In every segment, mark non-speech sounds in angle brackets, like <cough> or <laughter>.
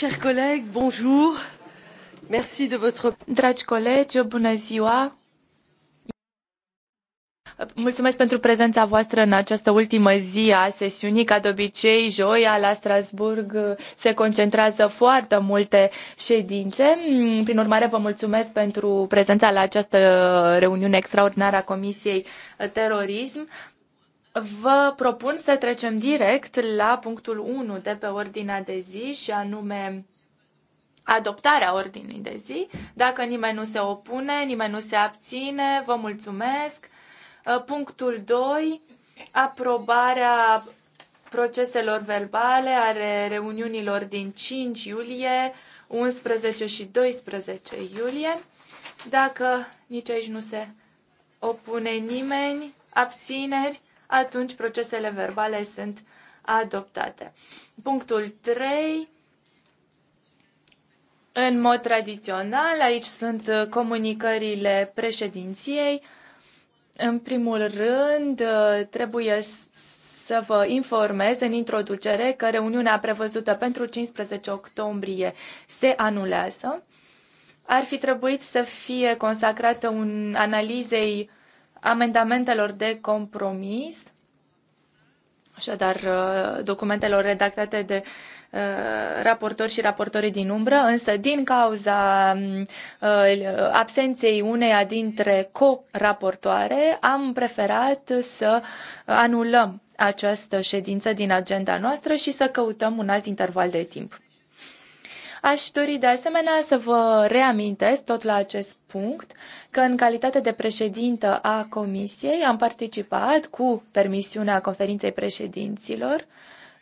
Chers collègues, bonjour. Merci de votre... Dragi colegi, bună ziua. Mulțumesc pentru prezența voastră în această ultimă zi a sesiunii. Ca de obicei, joia la Strasburg se concentrează foarte multe ședințe. Prin urmare, vă mulțumesc pentru prezența la această reuniune extraordinară a Comisiei Terorism vă propun să trecem direct la punctul 1 de pe ordinea de zi și anume adoptarea ordinii de zi. Dacă nimeni nu se opune, nimeni nu se abține, vă mulțumesc. Uh, punctul 2, aprobarea proceselor verbale ale reuniunilor din 5 iulie, 11 și 12 iulie. Dacă nici aici nu se opune nimeni, abțineri, atunci procesele verbale sunt adoptate. Punctul 3. În mod tradițional, aici sunt comunicările președinției. În primul rând, trebuie să vă informez în introducere că reuniunea prevăzută pentru 15 octombrie se anulează. Ar fi trebuit să fie consacrată un analizei amendamentelor de compromis, așadar uh, documentelor redactate de uh, raportori și raportorii din umbră, însă din cauza um, uh, absenței uneia dintre co-raportoare, am preferat să anulăm această ședință din agenda noastră și să căutăm un alt interval de timp. Aș dori de asemenea să vă reamintesc tot la acest punct că în calitate de președintă a Comisiei am participat cu permisiunea conferinței președinților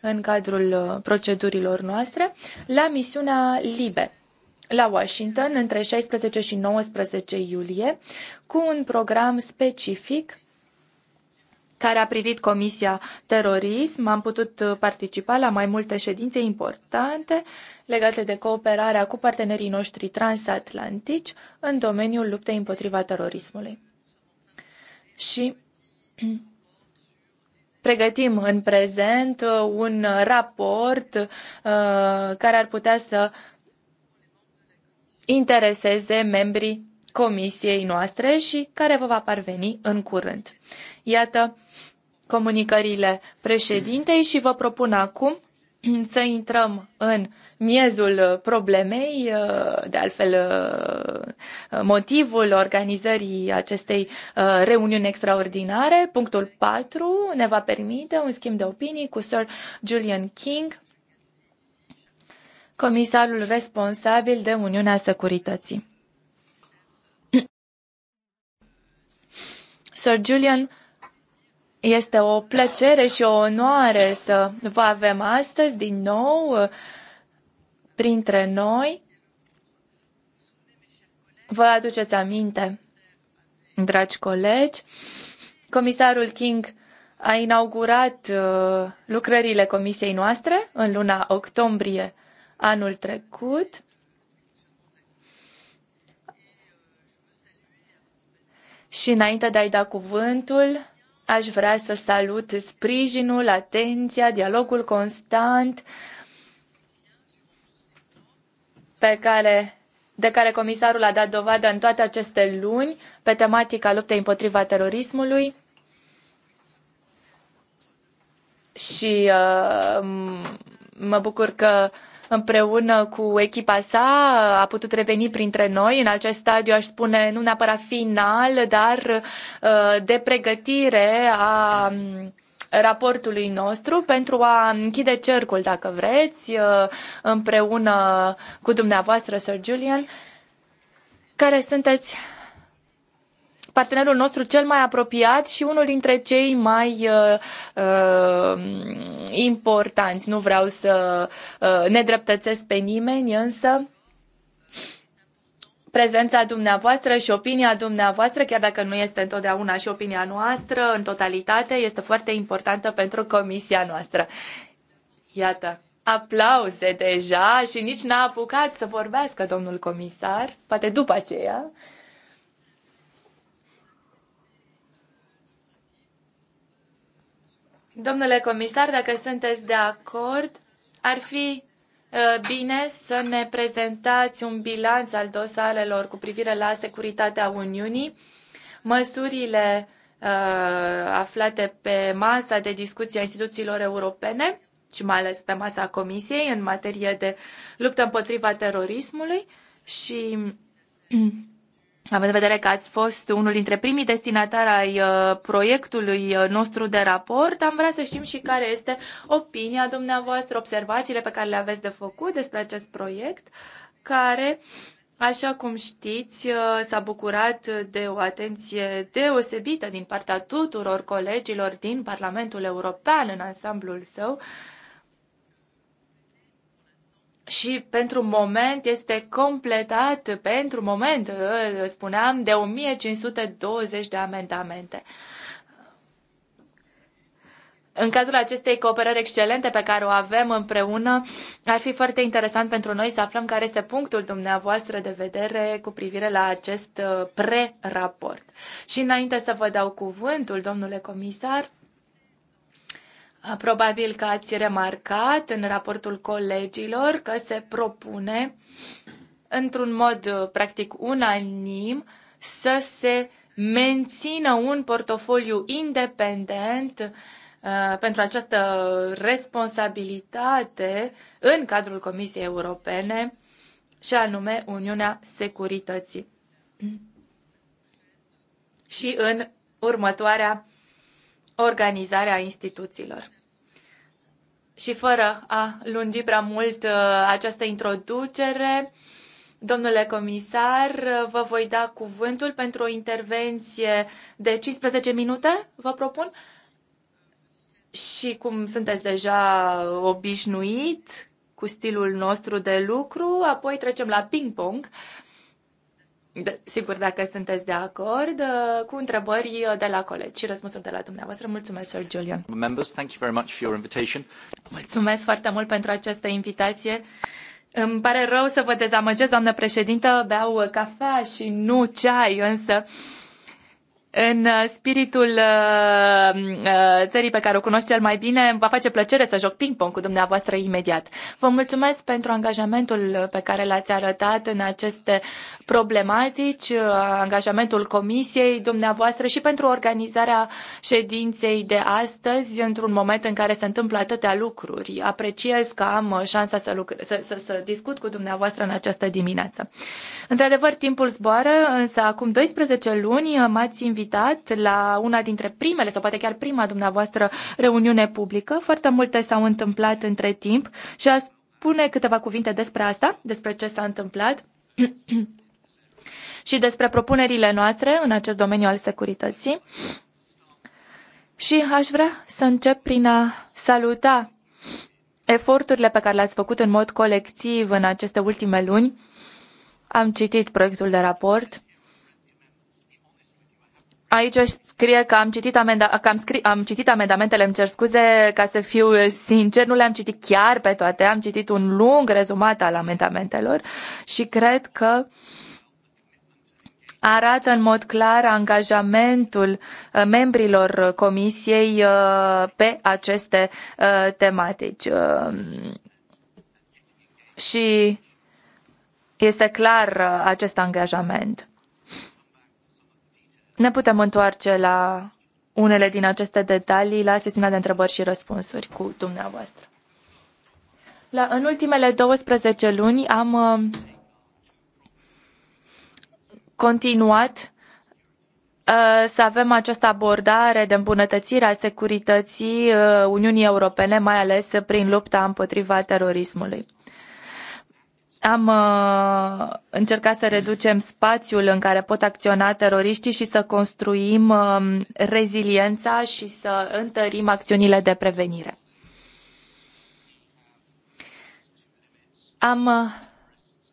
în cadrul uh, procedurilor noastre la misiunea LIBE la Washington între 16 și 19 iulie cu un program specific care a privit Comisia Terorism. Am putut uh, participa la mai multe ședințe importante legate de cooperarea cu partenerii noștri transatlantici în domeniul luptei împotriva terorismului. Și <clears throat> pregătim în prezent uh, un raport uh, care ar putea să intereseze membrii comisiei noastre și care vă va parveni în curând. Iată comunicările președintei și vă propun acum să intrăm în miezul problemei, uh, de altfel uh, motivul organizării acestei uh, reuniuni extraordinare. Punctul 4 ne va permite un schimb de opinii cu Sir Julian King, comisarul responsabil de Uniunea Securității. <clears throat> Sir Julian este o plăcere și o onoare să vă avem astăzi din nou uh, printre noi. Vă aduceți aminte, dragi colegi, comisarul King a inaugurat uh, lucrările comisiei noastre în luna octombrie anul trecut. Și înainte de a-i da cuvântul, Aș vrea să salut sprijinul, atenția, dialogul constant pe care, de care comisarul a dat dovadă în toate aceste luni pe tematica luptei împotriva terorismului și uh, mă bucur că uh, împreună cu echipa sa, a putut reveni printre noi. În acest stadiu, aș spune, nu neapărat final, dar uh, de pregătire a mm, raportului nostru pentru a închide cercul, dacă vreți, uh, împreună cu dumneavoastră, Sir Julian, care sunteți partenerul nostru cel mai apropiat și unul dintre cei mai uh, uh, importanți. Nu vreau să uh, nedreptățesc pe nimeni, însă prezența dumneavoastră și opinia dumneavoastră, chiar dacă nu este întotdeauna și opinia noastră, în totalitate, este foarte importantă pentru comisia noastră. Iată, aplauze deja și nici n-a apucat să vorbească domnul comisar, poate după aceea. Domnule comisar, dacă sunteți de acord, ar fi uh, bine să ne prezentați un bilanț al dosarelor cu privire la securitatea Uniunii, măsurile uh, aflate pe masa de discuție a instituțiilor europene și mai ales pe masa Comisiei în materie de luptă împotriva terorismului și <clears throat> Având în vedere că ați fost unul dintre primii destinatari ai uh, proiectului uh, nostru de raport, am vrea să știm și care este opinia dumneavoastră, observațiile pe care le aveți de făcut despre acest proiect, care, așa cum știți, uh, s-a bucurat de o atenție deosebită din partea tuturor colegilor din Parlamentul European în ansamblul său și pentru moment este completat, pentru moment, spuneam, de 1520 de amendamente. În cazul acestei cooperări excelente pe care o avem împreună, ar fi foarte interesant pentru noi să aflăm care este punctul dumneavoastră de vedere cu privire la acest uh, pre-raport. Și înainte să vă dau cuvântul, domnule comisar, Probabil că ați remarcat în raportul colegilor că se propune într-un mod uh, practic unanim să se mențină un portofoliu independent uh, pentru această responsabilitate în cadrul Comisiei Europene și anume Uniunea Securității. <clears throat> Și în următoarea organizarea instituțiilor. Și fără a lungi prea mult uh, această introducere, Domnule comisar, uh, vă voi da cuvântul pentru o intervenție de 15 minute, vă propun. Și cum sunteți deja obișnuit cu stilul nostru de lucru, apoi trecem la ping-pong de, da, sigur, dacă sunteți de acord, uh, cu întrebări de la colegi și răspunsuri de la dumneavoastră. Mulțumesc, Sir Julian. Members, thank you very much for your invitation. Mulțumesc foarte mult pentru această invitație. Îmi pare rău să vă dezamăgesc, doamnă președintă, beau cafea și nu ceai, însă în uh, spiritul uh, uh, țării pe care o cunosc cel mai bine, îmi va face plăcere să joc ping-pong cu dumneavoastră imediat. Vă mulțumesc pentru angajamentul pe care l-ați arătat în aceste problematici, angajamentul comisiei dumneavoastră și pentru organizarea ședinței de astăzi, într-un moment în care se întâmplă atâtea lucruri. Apreciez că am șansa să, lucr- să, să, să discut cu dumneavoastră în această dimineață. Într-adevăr, timpul zboară, însă acum 12 luni m-ați invitat invitat la una dintre primele sau poate chiar prima dumneavoastră reuniune publică. Foarte multe s-au întâmplat între timp și a spune câteva cuvinte despre asta, despre ce s-a întâmplat <clears throat> și despre propunerile noastre în acest domeniu al securității. Și aș vrea să încep prin a saluta eforturile pe care le-ați făcut în mod colectiv în aceste ultime luni. Am citit proiectul de raport Aici scrie că am citit, amenda- că am, scri- am citit amendamentele, îmi cer scuze ca să fiu uh, sincer, nu le-am citit chiar pe toate, am citit un lung rezumat al amendamentelor și cred că arată în mod clar angajamentul uh, membrilor comisiei uh, pe aceste tematici. Um, și este clar acest angajament. Ne putem întoarce la unele din aceste detalii la sesiunea de întrebări și răspunsuri cu dumneavoastră. La, în ultimele 12 luni am uh, continuat uh, să avem această abordare de îmbunătățire a securității uh, Uniunii Europene, mai ales prin lupta împotriva terorismului. Am uh, încercat să reducem spațiul în care pot acționa teroriștii și să construim uh, reziliența și să întărim acțiunile de prevenire. Am uh,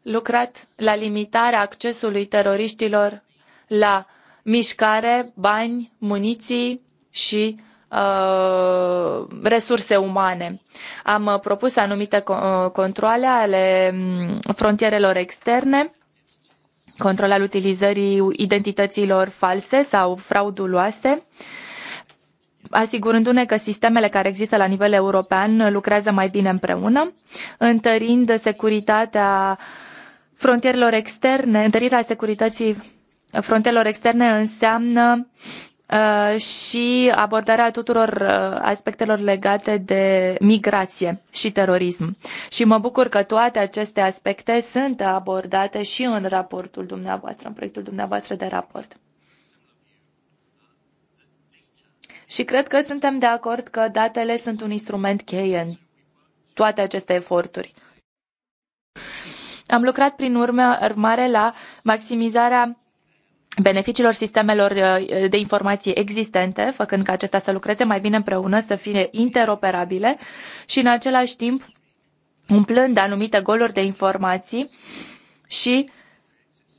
lucrat la limitarea accesului teroriștilor la mișcare, bani, muniții și Uh, resurse umane. Am uh, propus anumite uh, controle ale mm, frontierelor externe, control al utilizării identităților false sau frauduloase asigurându-ne că sistemele care există la nivel european lucrează mai bine împreună, întărind securitatea frontierelor externe, întărirea securității frontierelor externe înseamnă Uh, și abordarea tuturor uh, aspectelor legate de migrație și terorism. Și mă bucur că toate aceste aspecte sunt abordate și în raportul dumneavoastră, în proiectul dumneavoastră de raport. Și cred că suntem de acord că datele sunt un instrument cheie în toate aceste eforturi. Am lucrat prin urmă urmare la maximizarea beneficiilor sistemelor uh, de informație existente, făcând ca acestea să lucreze mai bine împreună, să fie interoperabile și în același timp umplând anumite goluri de informații și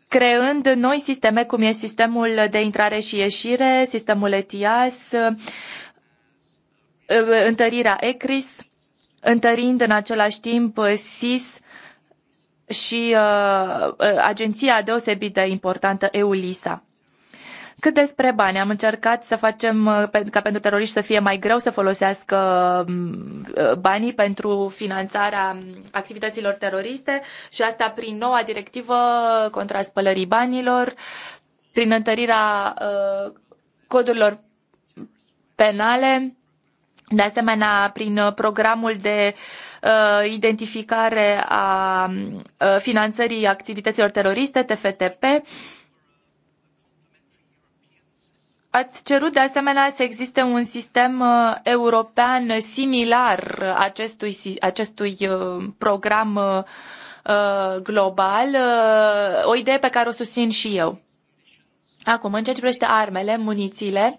creând noi sisteme, cum e sistemul de intrare și ieșire, sistemul ETIAS, uh, întărirea ECRIS, întărind în același timp SIS și uh, uh, agenția deosebită importantă EULISA. Cât despre bani, am încercat să facem uh, ca pentru teroriști să fie mai greu să folosească um, uh, banii pentru finanțarea um, activităților teroriste și asta prin noua directivă contra spălării banilor, prin întărirea codurilor penale, de asemenea prin programul de uh, uh, identificare a uh, finanțării activităților teroriste, TFTP. Ați cerut de asemenea să existe un sistem uh, european similar acestui, acestui uh, program uh, global, o idee pe care o susțin și eu. Acum, în ceea ce privește armele, munițiile,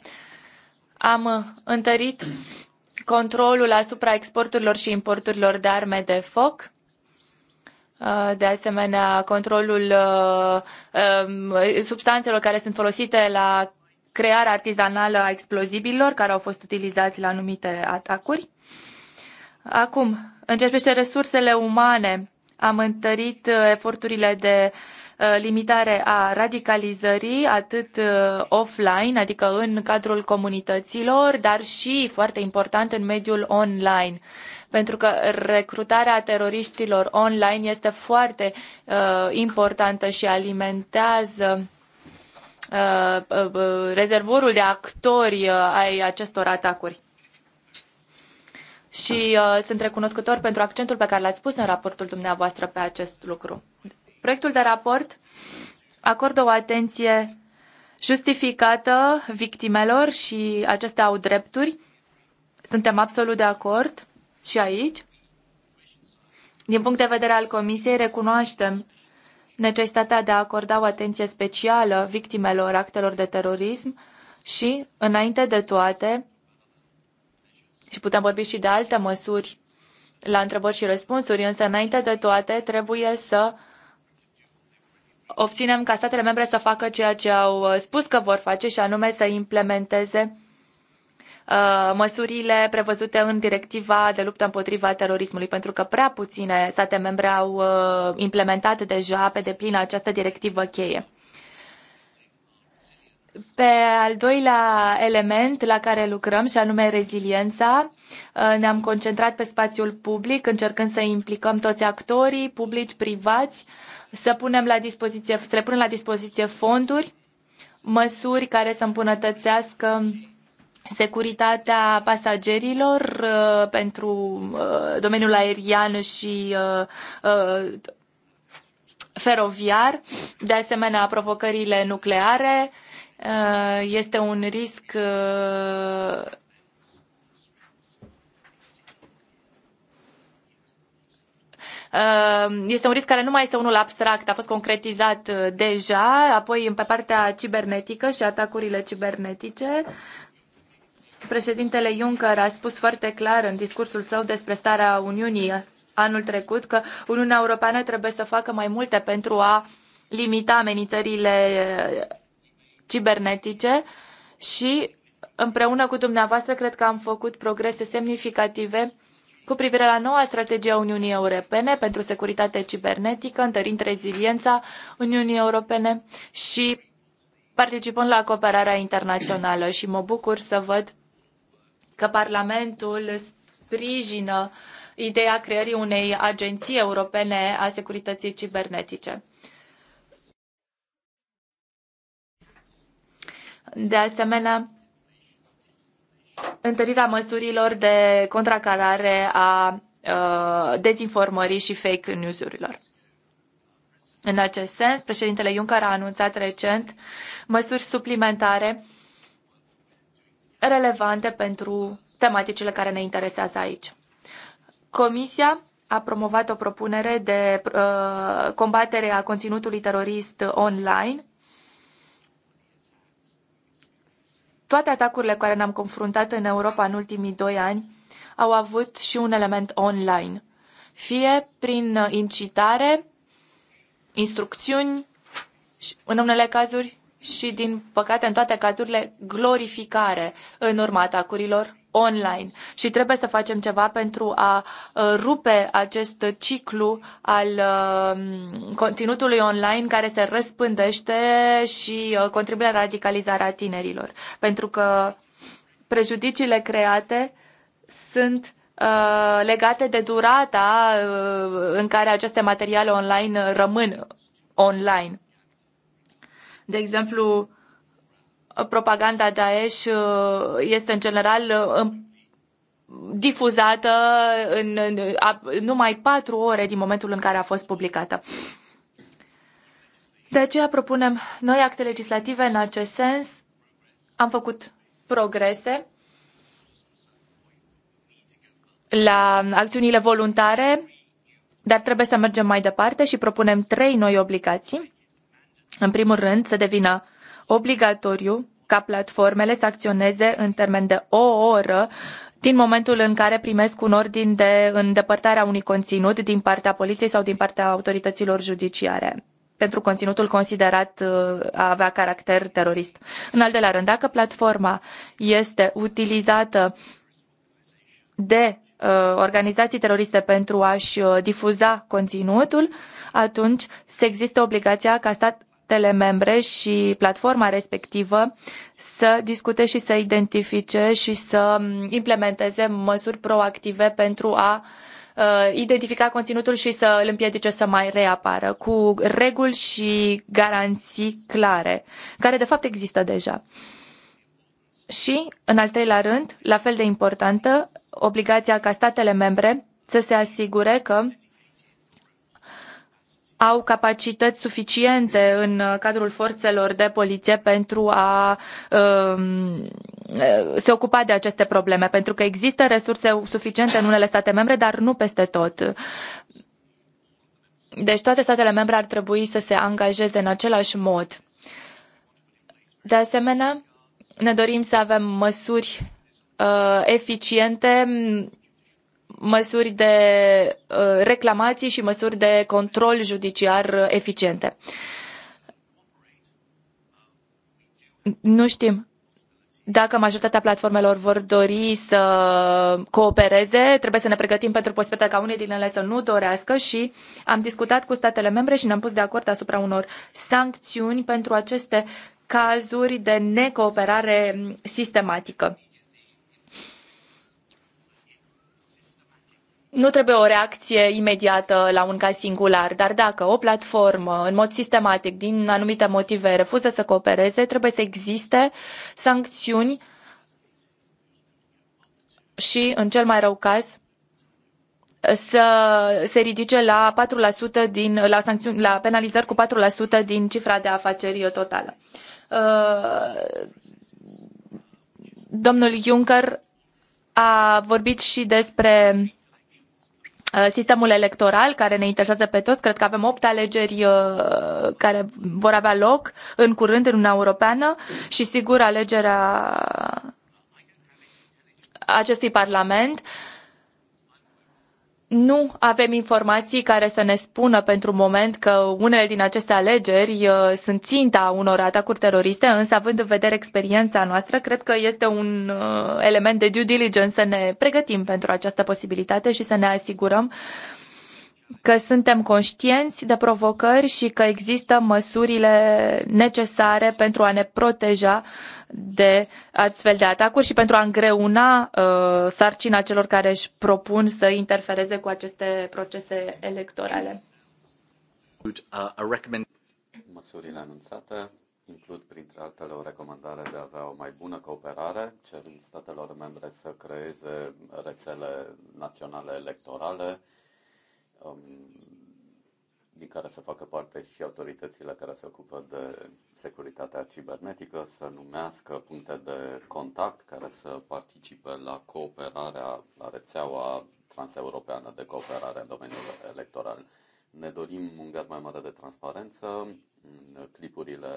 am întărit controlul asupra exporturilor și importurilor de arme de foc. Uh, de asemenea, controlul uh, um, substanțelor care sunt folosite la crearea artizanală a explozibililor care au fost utilizați la anumite atacuri. Acum, în ce privește resursele umane, am întărit uh, eforturile de uh, Uh, limitare a radicalizării, atât uh, offline, adică în cadrul comunităților, dar și, foarte important, în mediul online. Pentru că recrutarea teroriștilor online este foarte uh, importantă și alimentează uh, uh, rezervorul de actori uh, ai acestor atacuri și uh, sunt recunoscător pentru accentul pe care l-ați pus în raportul dumneavoastră pe acest lucru. Proiectul de raport acordă o atenție justificată victimelor și acestea au drepturi. Suntem absolut de acord și aici. Din punct de vedere al Comisiei, recunoaștem necesitatea de a acorda o atenție specială victimelor actelor de terorism și, înainte de toate, și putem vorbi și de alte măsuri la întrebări și răspunsuri, însă, înainte de toate, trebuie să obținem ca statele membre să facă ceea ce au uh, spus că vor face și anume să implementeze uh, măsurile prevăzute în directiva de luptă împotriva terorismului, pentru că prea puține state membre au uh, implementat deja pe deplin această directivă cheie. Pe al doilea element la care lucrăm, și anume reziliența, ne-am concentrat pe spațiul public, încercând să implicăm toți actorii, publici, privați, să punem la dispoziție, să le punem la dispoziție fonduri, măsuri care să îmbunătățească securitatea pasagerilor uh, pentru uh, domeniul aerian și uh, feroviar, de asemenea provocările nucleare, este un risc Ehm, este un risc care nu mai este unul abstract, a fost concretizat eh, deja, apoi pe partea cibernetică și atacurile cibernetice. Președintele Juncker a spus foarte clar în discursul său despre starea Uniunii anul trecut că Uniunea Europeană trebuie să facă mai multe pentru a limita amenințările eh, cibernetice și împreună cu dumneavoastră cred că am făcut progrese semnificative cu privire la noua strategie a Uniunii Europene pentru securitate cibernetică, întărind reziliența Uniunii Europene și participând la cooperarea internațională. Și mă bucur să văd că Parlamentul sprijină ideea creării unei agenții europene a securității cibernetice. De asemenea, întărirea măsurilor de contracarare a ă, dezinformării și fake news-urilor. În acest sens, președintele Juncker a anunțat recent măsuri suplimentare relevante pentru tematicile care ne interesează aici. Comisia a promovat o propunere de uh, combatere a conținutului terorist online toate atacurile care ne-am confruntat în Europa în ultimii doi ani au avut și un element online, fie prin incitare, instrucțiuni, în unele cazuri și, din păcate, în toate cazurile, glorificare în urma atacurilor online și trebuie să facem ceva pentru a uh, rupe acest ciclu al uh, conținutului online care se răspândește și uh, contribuie la radicalizarea tinerilor. Pentru că prejudiciile create sunt legate de durata în care aceste materiale online rămân online. De exemplu, Uh, propaganda Daesh uh, este în general uh, difuzată în numai patru ore din momentul în care a fost publicată. De aceea propunem noi acte legislative în acest sens. Am făcut progrese la acțiunile voluntare, dar trebuie să mergem mai departe și propunem trei noi obligații. În primul rând, să devină uh, obligatoriu ca platformele să acționeze în termen de o oră din momentul în care primesc un ordin de îndepărtare a unui conținut din partea poliției sau din partea autorităților judiciare pentru conținutul considerat uh, a avea caracter terorist. În al doilea rând, dacă platforma este utilizată de uh, organizații teroriste pentru a-și uh, difuza conținutul, atunci se există obligația ca stat statele membre și platforma respectivă să discute și să identifice și să mm, implementeze măsuri proactive pentru a uh, identifica conținutul și să îl împiedice să mai reapară, cu reguli și garanții clare, care de fapt există deja. Și, în al treilea rând, la fel de importantă, obligația ca statele membre să se asigure că au capacități suficiente în uh, cadrul forțelor de poliție pentru a um, uh, se ocupa de aceste probleme, pentru că există resurse suficiente în unele state membre, dar nu peste tot. Deci toate statele membre ar trebui să se angajeze în același mod. De asemenea, ne dorim să avem măsuri uh, eficiente măsuri de uh, reclamații și măsuri de control judiciar uh, eficiente. Nu știm dacă majoritatea platformelor vor dori să coopereze, trebuie să ne pregătim pentru posibilitatea ca unii din ele să nu dorească și am discutat cu statele membre și ne-am pus de acord asupra unor sancțiuni pentru aceste cazuri de necooperare mm, sistematică. nu trebuie o reacție imediată la un caz singular, dar dacă o platformă, în mod sistematic, din anumite motive, refuză să coopereze, trebuie să existe sancțiuni și, în cel mai rău caz, să se ridice la 4% din, la, sancțiuni, la penalizări cu 4% din cifra de afaceri totală. Uh, domnul Juncker a vorbit și despre Uh, sistemul electoral care ne interesează pe toți. Cred că avem opt alegeri uh, care vor avea loc în curând în Uniunea Europeană și sigur alegerea acestui Parlament. Uh, nu avem informații care să ne spună pentru moment că unele din aceste alegeri uh, sunt ținta unor atacuri teroriste, însă având în vedere experiența noastră, cred că este un uh, element de due diligence să ne pregătim pentru această posibilitate și să ne asigurăm că suntem conștienți de provocări și că există măsurile necesare pentru a ne proteja de astfel de atacuri și pentru a îngreuna uh, sarcina celor care își propun să interfereze cu aceste procese electorale. Măsurile anunțate includ printre altele o recomandare de a avea o mai bună cooperare, cerând statelor membre să creeze rețele naționale electorale, Um, din care să facă parte și autoritățile care se ocupă de securitatea cibernetică, să numească puncte de contact care să participe la cooperarea, la rețeaua transeuropeană de cooperare în domeniul electoral. Ne dorim un grad mai mare de transparență în clipurile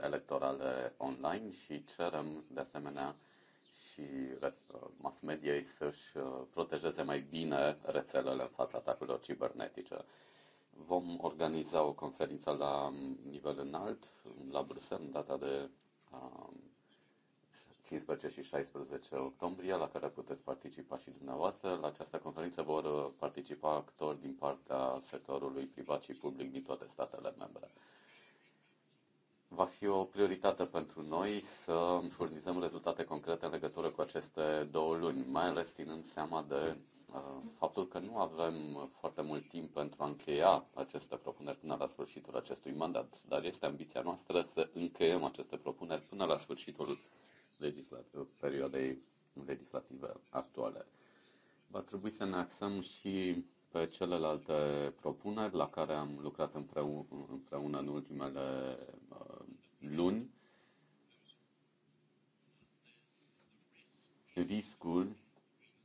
electorale online și cerem, de asemenea, și mass media să-și uh, protejeze mai bine rețelele în fața atacurilor cibernetice. Vom organiza o conferință la nivel înalt, la Bruxelles, în data de 15 uh, și 16 octombrie, la care puteți participa și dumneavoastră. La această conferință vor uh, participa actori din partea sectorului privat și public din toate statele membre. Va fi o prioritate pentru noi să furnizăm rezultate concrete în legătură cu aceste două luni, mai ales ținând seama de uh, faptul că nu avem foarte mult timp pentru a încheia aceste propuneri până la sfârșitul acestui mandat, dar este ambiția noastră să încheiem aceste propuneri până la sfârșitul perioadei legislative actuale. Va trebui să ne axăm și pe celelalte propuneri la care am lucrat împreună în ultimele uh, luni, riscul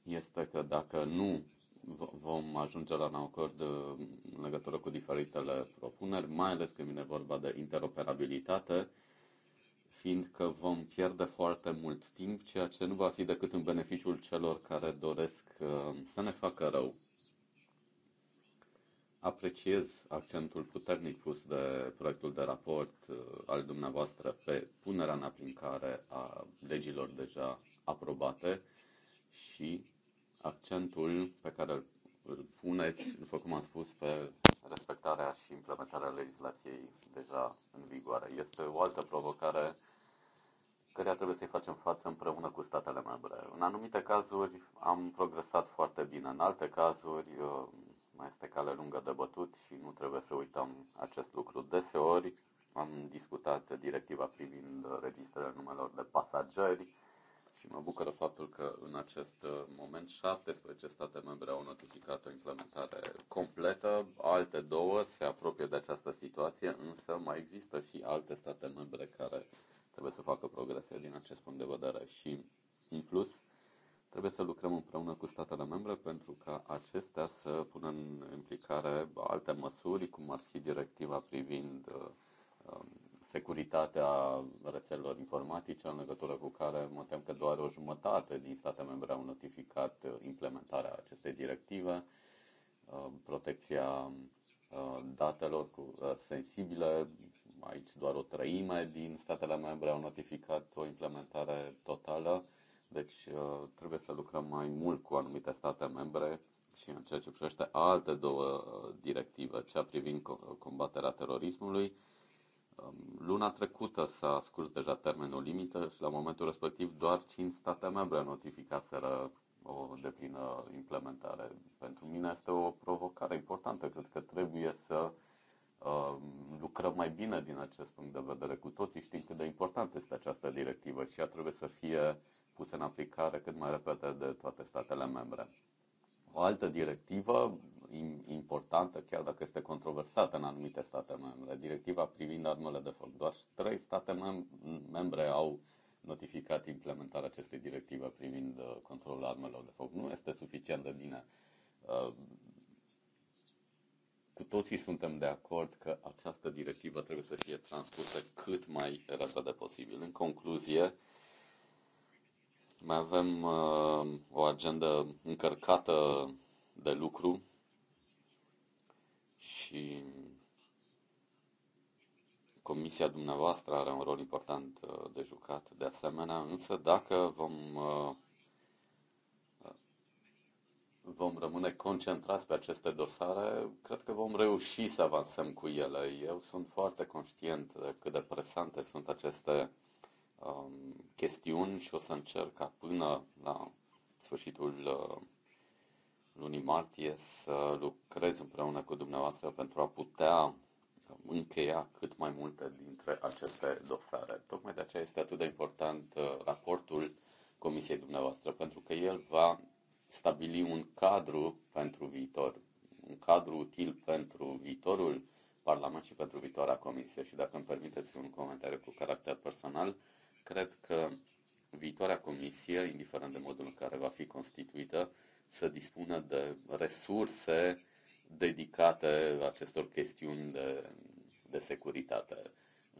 este că dacă nu vom ajunge la un acord uh, în legătură cu diferitele propuneri, mai ales când vine vorba de interoperabilitate, fiindcă vom pierde foarte mult timp, ceea ce nu va fi decât în beneficiul celor care doresc uh, să ne facă rău apreciez accentul puternic pus de proiectul de raport uh, al dumneavoastră pe punerea în aplicare a legilor deja aprobate și accentul pe care îl puneți, după cum am spus, pe respectarea și implementarea legislației deja în vigoare. Este o altă provocare care trebuie să-i facem față împreună cu statele membre. În anumite cazuri am progresat foarte bine, în alte cazuri uh, mai este cale lungă de bătut și nu trebuie să uităm acest lucru. Deseori am discutat directiva privind registrele numelor de pasageri și mă bucură faptul că în acest moment 17 state membre au notificat o implementare completă, alte două se apropie de această situație, însă mai există și alte state membre care trebuie să facă progrese din acest punct de vedere și în plus Trebuie să lucrăm împreună cu statele membre pentru ca acestea să pună în implicare alte măsuri, cum ar fi directiva privind uh, um, securitatea rețelelor informatice, în legătură cu care mă tem că doar o jumătate din state membre au notificat uh, implementarea acestei directive, uh, protecția datelor cu, sensibile, aici doar o treime din statele membre au notificat o implementare totală deci uh, trebuie să lucrăm mai mult cu anumite state membre și în ceea ce privește alte două uh, directive, cea privind uh, combaterea terorismului. Um, luna trecută s-a scurs deja termenul limită și la momentul respectiv doar 5 state membre notificaseră o deplină implementare. Pentru mine este o provocare importantă. Cred că trebuie să um, lucrăm mai bine din acest punct de vedere. Cu toții știm cât de importantă este această directivă și ea trebuie să fie puse în aplicare cât mai repede de toate statele membre. O altă directivă importantă, chiar dacă este controversată în anumite state membre, directiva privind armele de foc. Doar trei state mem- membre au notificat implementarea acestei directive privind uh, controlul armelor de foc. Nu este suficient de bine. Uh, cu toții suntem de acord că această directivă trebuie să fie transpusă cât mai repede posibil. În concluzie, mai avem uh, o agendă încărcată de lucru și comisia dumneavoastră are un rol important uh, de jucat de asemenea, însă dacă vom, uh, vom rămâne concentrați pe aceste dosare, cred că vom reuși să avansăm cu ele. Eu sunt foarte conștient de cât de presante sunt aceste um, chestiuni și o să încerc ca până la sfârșitul uh, lunii martie să lucrez împreună cu dumneavoastră pentru a putea încheia cât mai multe dintre aceste dosare. Tocmai de aceea este atât de important uh, raportul comisiei dumneavoastră, pentru că el va stabili un cadru pentru viitor, un cadru util pentru viitorul Parlament și pentru viitoarea comisie. Și dacă îmi permiteți un comentariu cu caracter personal, Cred că viitoarea comisie, indiferent de modul în care va fi constituită, să dispună de resurse dedicate acestor chestiuni de, de securitate.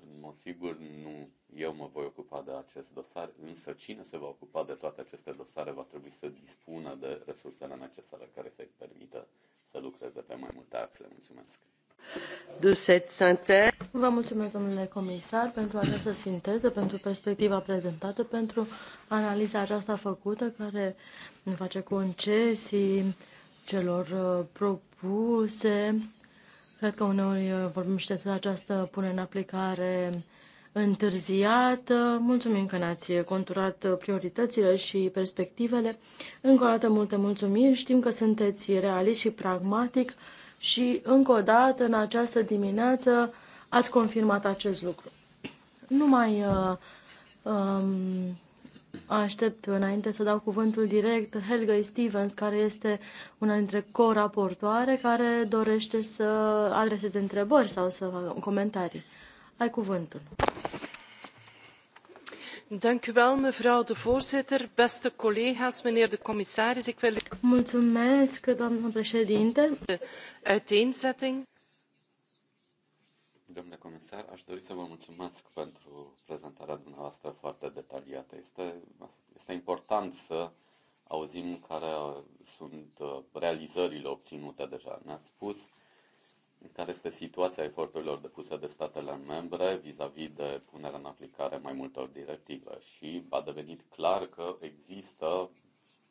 În mod sigur, nu eu mă voi ocupa de acest dosar, însă cine se va ocupa de toate aceste dosare va trebui să dispună de resursele necesare care să-i permită să lucreze pe mai multe axe. Mulțumesc! de Vă mulțumesc, domnule comisar, pentru această sinteză, pentru perspectiva prezentată, pentru analiza aceasta făcută, care ne face concesii celor uh, propuse. Cred că uneori uh, vorbim și despre această pune în aplicare întârziată. Mulțumim că ne-ați conturat prioritățile și perspectivele. Încă o dată multe mulțumiri. Știm că sunteți realist și pragmatic și încă o dată în această dimineață ați confirmat acest lucru. Nu mai uh, um, aștept înainte să dau cuvântul direct Helga Stevens, care este una dintre co-raportoare, care dorește să adreseze întrebări sau să facă comentarii. Ai cuvântul. Mulțumesc, doamnă președinte. Uiteenzetting. Domnule comisar, aș dori să vă mulțumesc pentru prezentarea dumneavoastră foarte detaliată. Este, este important să auzim care sunt uh, realizările obținute deja. Ne-ați spus uh, care este situația eforturilor depuse de statele membre vis-a-vis -vis de punerea în aplicare mai multor directive și a devenit clar că există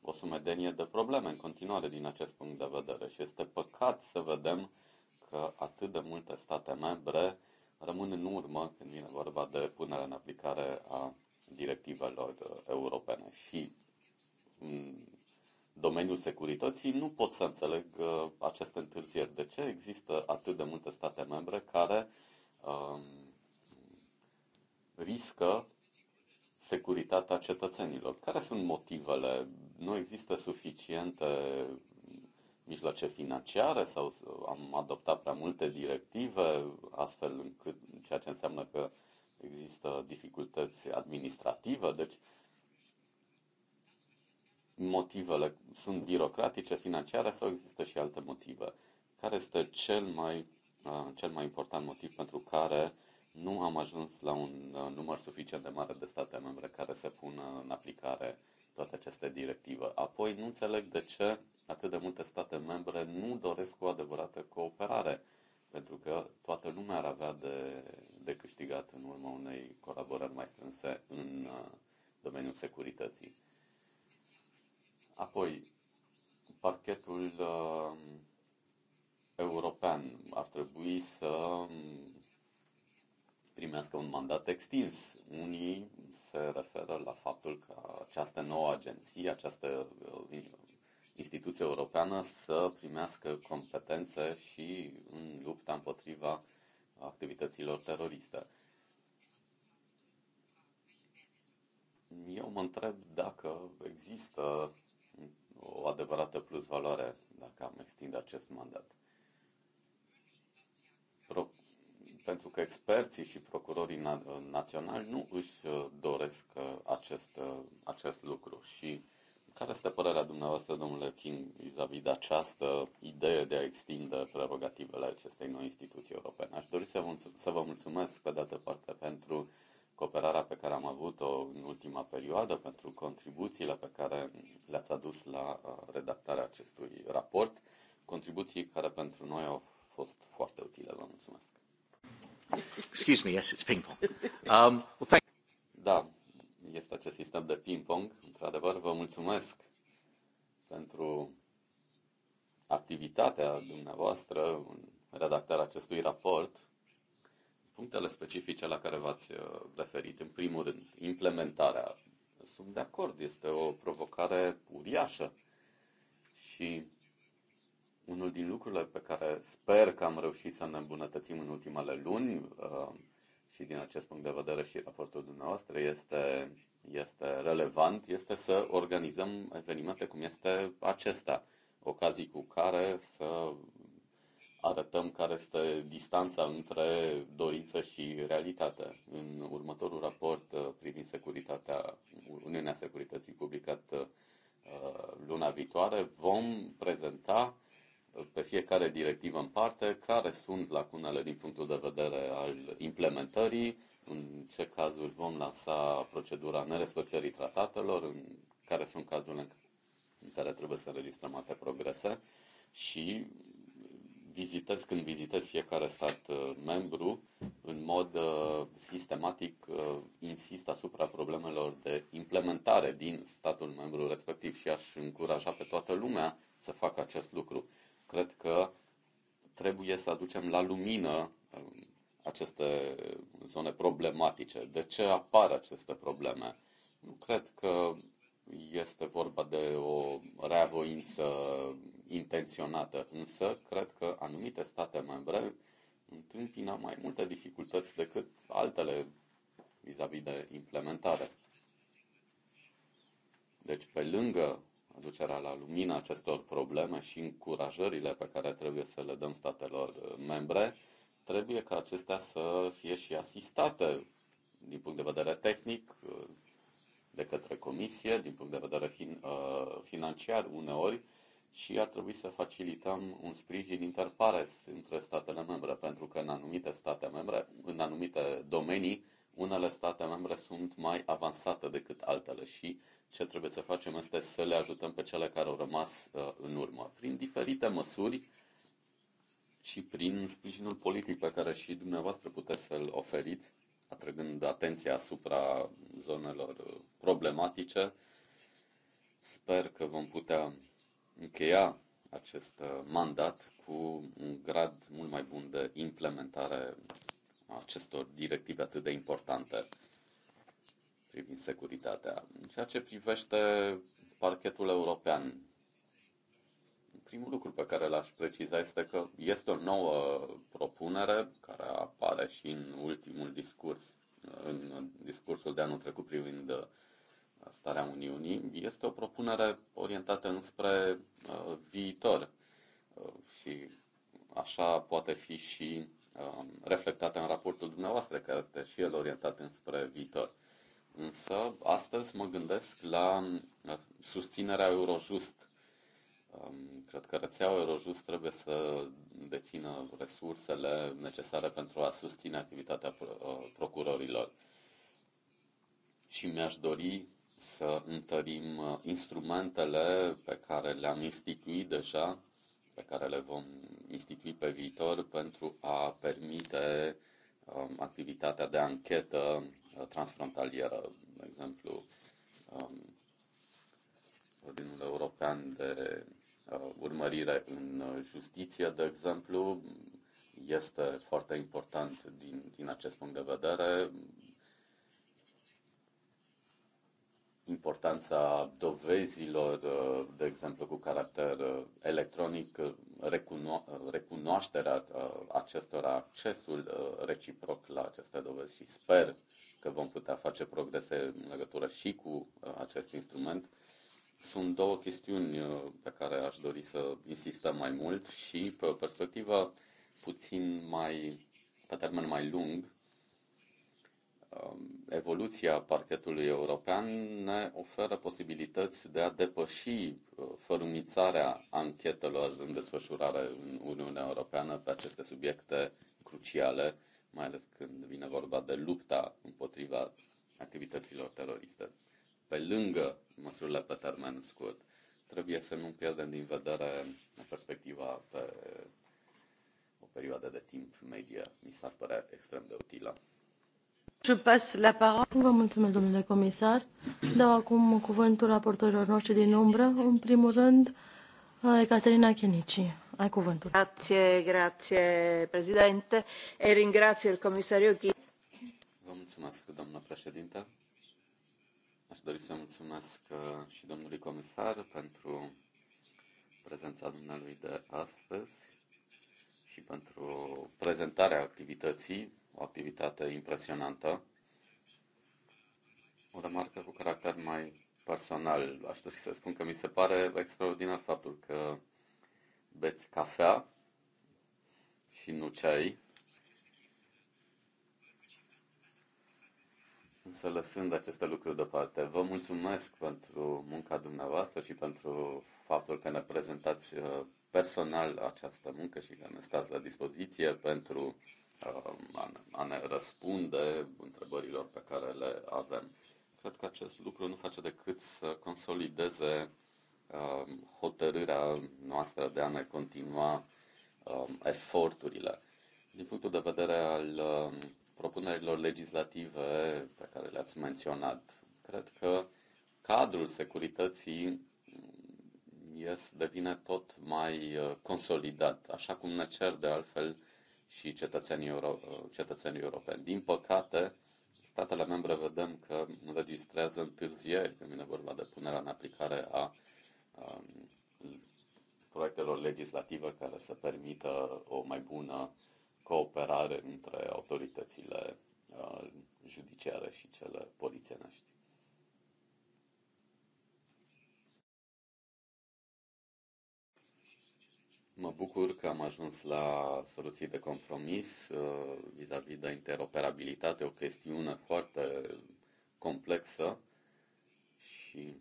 o sumedenie de probleme în continuare din acest punct de vedere și este păcat să vedem că atât de multe state membre rămân în urmă când vine vorba de punerea în aplicare a directivelor europene și mm, domeniul securității, nu pot să înțeleg uh, aceste întârzieri. De ce există atât de multe state membre care uh, riscă securitatea cetățenilor? Care sunt motivele? Nu există suficiente mijloace financiare sau am adoptat prea multe directive, astfel încât ceea ce înseamnă că există dificultăți administrative. Deci, motivele sunt birocratice, financiare sau există și alte motive? Care este cel mai, uh, cel mai important motiv pentru care nu am ajuns la un uh, număr suficient de mare de state membre care să pună în aplicare toate aceste directive. Apoi nu înțeleg de ce atât de multe state membre nu doresc o adevărată cooperare, pentru că toată lumea ar avea de, de câștigat în urma unei colaborări mai strânse în uh, domeniul securității. Apoi, parchetul uh, european ar trebui să um, primească un mandat extins. Unii se referă la faptul că această nouă agenție, această uh, instituție europeană să primească competențe și în lupta împotriva activităților teroriste. Eu mă întreb dacă există o adevărată plusvaloare dacă am extinde acest mandat. Pro- pentru că experții și procurorii na- naționali nu își uh, doresc uh, acest, uh, acest lucru. Și care este părerea dumneavoastră, domnule King, vis-a-vis de această idee de a extinde prerogativele acestei noi instituții europene? Aș dori să vă, mulțumesc, pe dată parte pentru uh, cooperarea pe care am avut-o în ultima perioadă, pentru contribuțiile pe care le-ați adus la uh, redactarea acestui raport, contribuții care pentru noi au fost foarte utile. Vă mulțumesc. Excuse me, yes, it's ping-pong. Um, well, thank da, este acest sistem de ping-pong. Într-adevăr, vă mulțumesc pentru activitatea dumneavoastră în redactarea acestui raport punctele specifice la care v-ați uh, referit, în primul rând, implementarea, sunt de acord, este o provocare uriașă și unul din lucrurile pe care sper că am reușit să ne îmbunătățim în ultimele luni uh, și din acest punct de vedere și raportul dumneavoastră este, este relevant, este să organizăm evenimente cum este acesta, ocazii cu care să arătăm care este distanța între dorință și realitate. În următorul raport uh, privind securitatea, Uniunea Securității publicat uh, luna viitoare, vom prezenta uh, pe fiecare directivă în parte care sunt lacunele din punctul de vedere al implementării, în ce cazuri vom lansa procedura nerespectării tratatelor, în care sunt cazurile în care trebuie să înregistrăm alte progrese și vizitez când vizitez fiecare stat uh, membru, în mod uh, sistematic uh, insist asupra problemelor de implementare din statul membru respectiv și aș încuraja pe toată lumea să facă acest lucru. Cred că trebuie să aducem la lumină um, aceste zone problematice. De ce apar aceste probleme? Nu cred că este vorba de o reavoință intenționată, însă cred că anumite state membre întâmpină mai multe dificultăți decât altele vis-a-vis -vis de implementare. Deci, pe lângă aducerea la lumină acestor probleme și încurajările pe care trebuie să le dăm statelor membre, trebuie ca acestea să fie și asistate din punct de vedere tehnic de către comisie, din punct de vedere fin, uh, financiar uneori, și ar trebui să facilităm un sprijin interpares între statele membre, pentru că în anumite state membre, în anumite domenii, unele state membre sunt mai avansate decât altele și ce trebuie să facem este să le ajutăm pe cele care au rămas uh, în urmă, prin diferite măsuri și prin sprijinul politic pe care și dumneavoastră puteți să-l oferiți, atrăgând atenția asupra zonelor uh, problematice. Sper că vom putea încheia acest uh, mandat cu un grad mult mai bun de implementare a acestor directive atât de importante privind securitatea. În ceea ce privește parchetul european, primul lucru pe care l-aș preciza este că este o nouă propunere care apare și în ultimul discurs, în discursul de anul trecut privind starea Uniunii, este o propunere orientată înspre uh, viitor uh, și așa poate fi și uh, reflectată în raportul dumneavoastră, care este și el orientat înspre viitor. Însă, astăzi mă gândesc la uh, susținerea Eurojust. Um, cred că rețeaua Eurojust trebuie să dețină resursele necesare pentru a susține activitatea uh, procurorilor. Și mi-aș dori să întărim uh, instrumentele pe care le-am instituit deja, pe care le vom institui pe viitor pentru a permite um, activitatea de anchetă uh, transfrontalieră, de exemplu, um, Ordinul European de uh, urmărire în justiție, de exemplu, este foarte important din, din acest punct de vedere. importanța dovezilor, uh, de exemplu, cu caracter uh, electronic, uh, recuno- recunoașterea acestora, accesul reciproc la aceste dovezi și sper că vom putea face progrese în legătură și cu acest instrument. Sunt două chestiuni pe care aș dori să insistăm mai mult și pe o perspectivă puțin mai, pe termen mai lung, Um, evoluția parchetului european ne oferă posibilități de a depăși uh, fărâmițarea anchetelor în desfășurare în Uniunea Europeană pe aceste subiecte cruciale, mai ales când vine vorba de lupta împotriva activităților teroriste. Pe lângă măsurile pe termen scurt, trebuie să nu pierdem din vedere perspectiva pe o perioadă de timp medie. Mi s-ar părea extrem de utilă. Vă mulțumesc, domnule comisar. Dau acum cuvântul raportorilor noștri din umbră. În primul rând, uh, Ecaterina Chenici. Ai cuvântul. Grazie, grazie, președinte. E ringrazio il comisario Vă mulțumesc, doamna președintă. Aș dori să mulțumesc uh, și domnului comisar pentru prezența dumnealui de astăzi și pentru prezentarea activității o activitate impresionantă. O remarcă cu caracter mai personal. Aș dori să spun că mi se pare extraordinar faptul că beți cafea și nu ceai. Însă lăsând aceste lucruri deoparte, vă mulțumesc pentru munca dumneavoastră și pentru faptul că ne prezentați uh, personal această muncă și că ne stați la dispoziție pentru Um, a ne răspunde întrebărilor pe care le avem. Cred că acest lucru nu face decât să consolideze um, hotărârea noastră de a ne continua um, eforturile. Din punctul de vedere al propunerilor legislative pe care le-ați menționat, cred că cadrul securității mm, este, devine tot mai uh, consolidat, așa cum ne cer de altfel și cetățenii, euro, cetățenii europeni. Din păcate, statele membre vedem că înregistrează întârzieri când vine vorba de punerea în aplicare a, a um, proiectelor legislative care să permită o mai bună cooperare între autoritățile a, uh, judiciare și cele polițienești. Mă bucur că am ajuns la soluții de compromis uh, vis-a-vis -vis de interoperabilitate, o chestiune foarte complexă și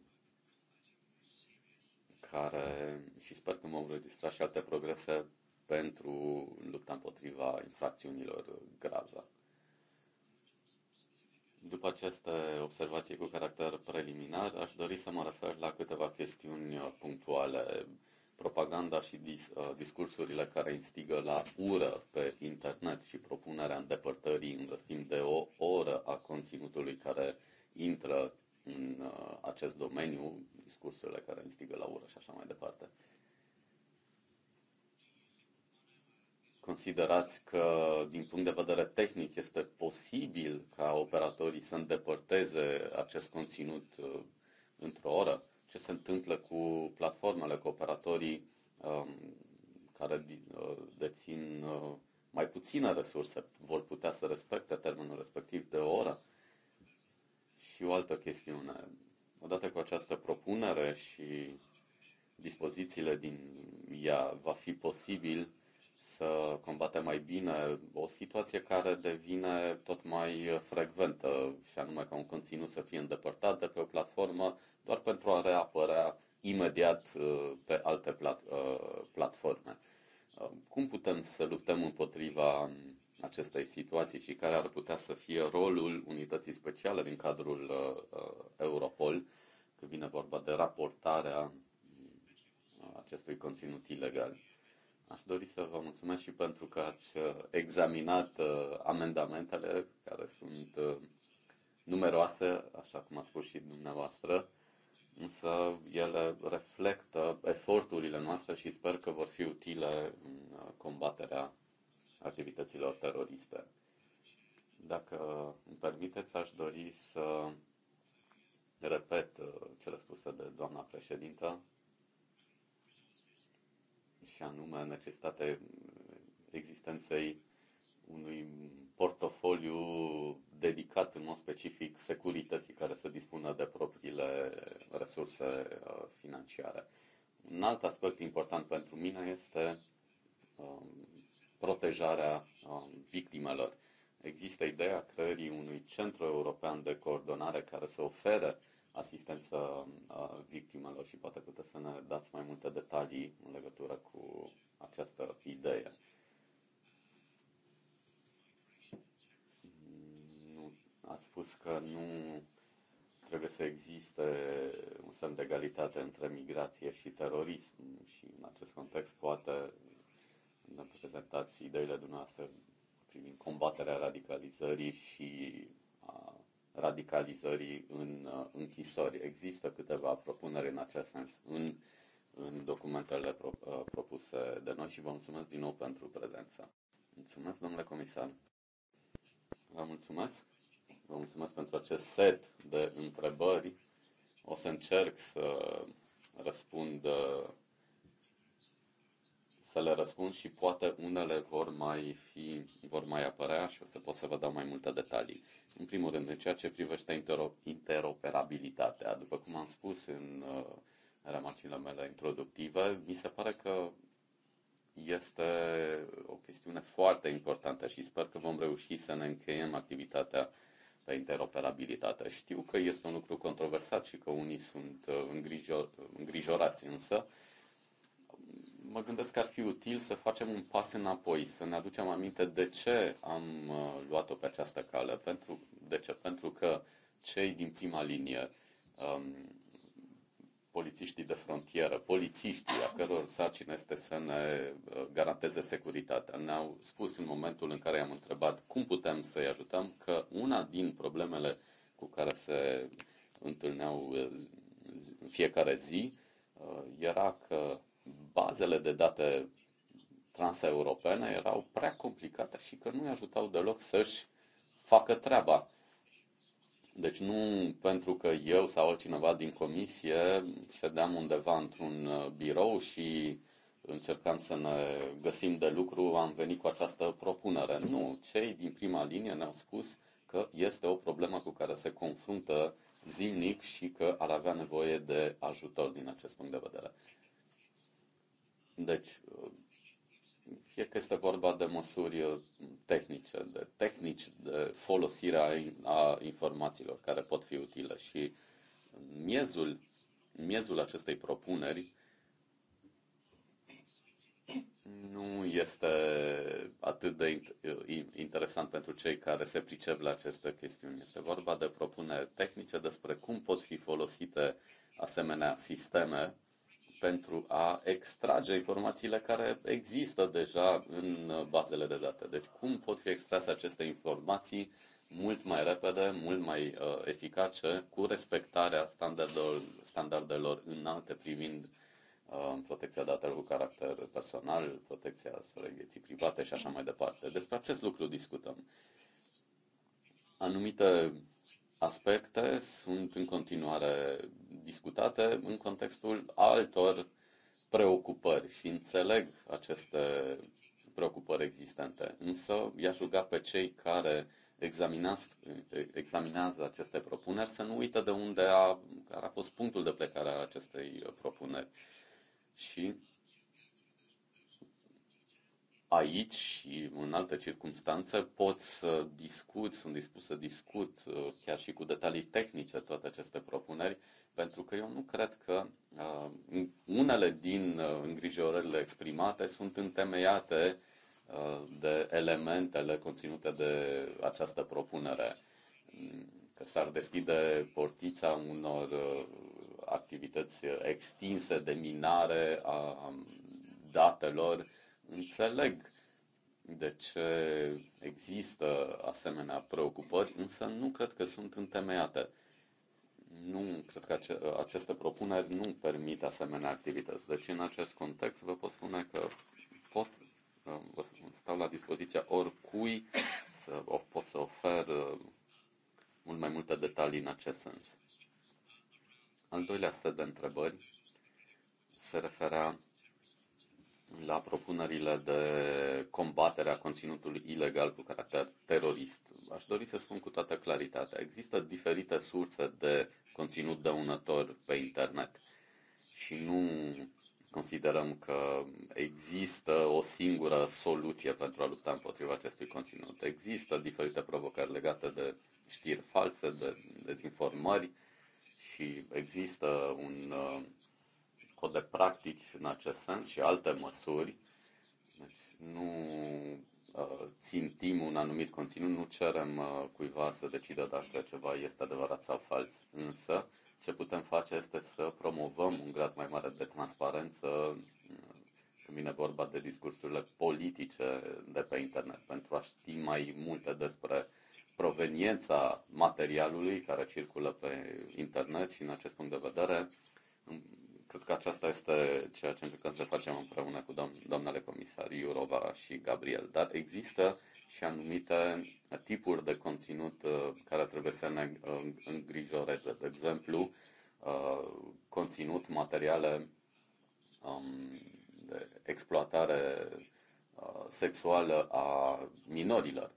care și sper că vom registra și alte progrese pentru lupta împotriva infracțiunilor grave. După aceste observații cu caracter preliminar, aș dori să mă refer la câteva chestiuni punctuale propaganda și dis, uh, discursurile care instigă la ură pe internet și propunerea îndepărtării în răstim de o oră a conținutului care intră în uh, acest domeniu, discursurile care instigă la ură și așa mai departe. Considerați că, din punct de vedere tehnic, este posibil ca operatorii să îndepărteze acest conținut uh, într-o oră? ce se întâmplă cu platformele, cu operatorii um, care uh, dețin uh, mai puține resurse, vor putea să respecte termenul respectiv de o oră. Și o altă chestiune. Odată cu această propunere și dispozițiile din ea, va fi posibil să combate mai bine o situație care devine tot mai frecventă, și anume ca un conținut să fie îndepărtat de pe o platformă doar pentru a reapărea imediat uh, pe alte plat, uh, platforme. Uh, cum putem să luptăm împotriva acestei situații și care ar putea să fie rolul unității speciale din cadrul Europol când vine vorba de raportarea acestui conținut ilegal? Aș dori să vă mulțumesc și pentru că ați uh, examinat uh, amendamentele care sunt uh, numeroase, așa cum ați spus și dumneavoastră, însă ele reflectă eforturile noastre și sper că vor fi utile în combaterea activităților teroriste. Dacă îmi permiteți, aș dori să repet cele spuse de doamna președintă și anume necesitatea existenței unui portofoliu dedicat în mod specific securității care să dispună de propriile resurse uh, financiare. Un alt aspect important pentru mine este um, protejarea um, victimelor. Există ideea creării unui centru european de coordonare care să ofere asistență uh, victimelor și poate puteți să ne dați mai multe detalii în legătură cu această idee. Mm, nu, ați spus că nu trebuie să existe un semn de egalitate între migrație și terorism și în acest context poate ne prezentați ideile dumneavoastră privind combaterea radicalizării și a radicalizării în uh, închisori. Există câteva propuneri în acest sens în, în documentele pro, uh, propuse de noi și vă mulțumesc din nou pentru prezență. Mulțumesc, domnule comisar. Vă mulțumesc. Vă mulțumesc pentru acest set de întrebări. O să încerc să răspund uh, să le răspund și poate unele vor mai, fi, vor mai apărea și o să pot să vă dau mai multe detalii. În primul rând, în ceea ce privește interoperabilitatea, după cum am spus în uh, remarcile mele introductive, mi se pare că este o chestiune foarte importantă și sper că vom reuși să ne încheiem activitatea pe interoperabilitate. Știu că este un lucru controversat și că unii sunt uh, îngrijor, îngrijorați, însă mă gândesc că ar fi util să facem un pas înapoi, să ne aducem aminte de ce am uh, luat-o pe această cale. Pentru, de ce? Pentru că cei din prima linie, um, polițiștii de frontieră, polițiștii a căror sarcină este să ne uh, garanteze securitatea, ne-au spus în momentul în care i-am întrebat cum putem să-i ajutăm că una din problemele cu care se întâlneau uh, în fiecare zi era că bazele de date transeuropene erau prea complicate și că nu i ajutau deloc să-și facă treaba. Deci nu pentru că eu sau altcineva din comisie ședeam undeva într-un uh, birou și încercam să ne găsim de lucru, am venit cu această propunere. Nu, cei din prima linie ne-au spus că este o problemă cu care se confruntă zilnic și că ar avea nevoie de ajutor din acest punct de vedere. Deci, fie că este vorba de măsuri uh, tehnice, de tehnici de folosire a informațiilor care pot fi utile și miezul, miezul acestei propuneri nu este atât de uh, interesant pentru cei care se pricep la aceste chestiuni. Este vorba de propuneri tehnice despre cum pot fi folosite asemenea sisteme pentru a extrage informațiile care există deja în uh, bazele de date. Deci cum pot fi extrase aceste informații mult mai repede, mult mai uh, eficace, cu respectarea standardelor, standardelor înalte privind uh, protecția datelor cu caracter personal, protecția vieții private și așa mai departe. Despre acest lucru discutăm. Anumite aspecte sunt în continuare discutate în contextul altor preocupări și înțeleg aceste preocupări existente. Însă i-aș ruga pe cei care examinează aceste propuneri să nu uită de unde a, care a fost punctul de plecare al acestei propuneri. Și aici și în alte circunstanțe pot să discut, sunt dispus să discut uh, chiar și cu detalii tehnice toate aceste propuneri, pentru că eu nu cred că uh, unele din uh, îngrijorările exprimate sunt întemeiate uh, de elementele conținute de această propunere. Că s-ar deschide portița unor uh, activități extinse de minare a datelor. Înțeleg de ce există asemenea preocupări, însă nu cred că sunt întemeiate nu cred că aceste propuneri nu permit asemenea activități. Deci, în acest context, vă pot spune că pot uh, vă stau la dispoziția oricui să pot să ofer uh, mult mai multe detalii în acest sens. Al doilea set de întrebări se referea la propunerile de combatere a conținutului ilegal cu caracter terorist. Aș dori să spun cu toată claritatea. Există diferite surse de conținut dăunător pe internet și nu considerăm că există o singură soluție pentru a lupta împotriva acestui conținut. Există diferite provocări legate de știri false, de dezinformări și există un uh, cod de practici în acest sens și alte măsuri. Deci nu uh, țintim un anumit conținut, nu cerem uh, cuiva să decidă dacă ceva este adevărat sau fals. Însă, ce putem face este să promovăm un grad mai mare de transparență uh, când vine vorba de discursurile politice de pe internet, pentru a ști mai multe despre proveniența materialului care circulă pe internet și, în acest punct de vedere, Cred că aceasta este ceea ce încercăm să facem împreună cu doam- doamnele comisar Iurova și Gabriel. Dar există și anumite tipuri de conținut uh, care trebuie să ne uh, îngrijoreze. De exemplu, uh, conținut materiale um, de exploatare sexuală a minorilor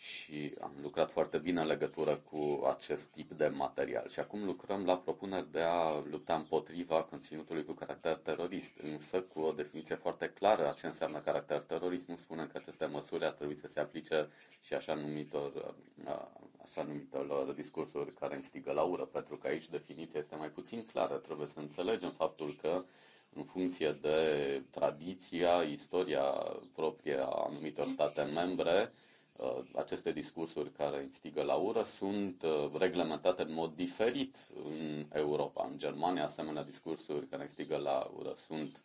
și am lucrat foarte bine în legătură cu acest tip de material. Și acum lucrăm la propuneri de a lupta împotriva conținutului cu caracter terorist, însă cu o definiție foarte clară a ce înseamnă caracter terorist. Nu spunem că aceste măsuri ar trebui să se aplice și așa, numitor, așa numitelor discursuri care instigă la ură, pentru că aici definiția este mai puțin clară. Trebuie să înțelegem faptul că în funcție de tradiția, istoria proprie a anumitor state membre, Uh, aceste discursuri care instigă la ură sunt uh, reglementate în mod diferit în Europa. În Germania, asemenea discursuri care instigă la ură sunt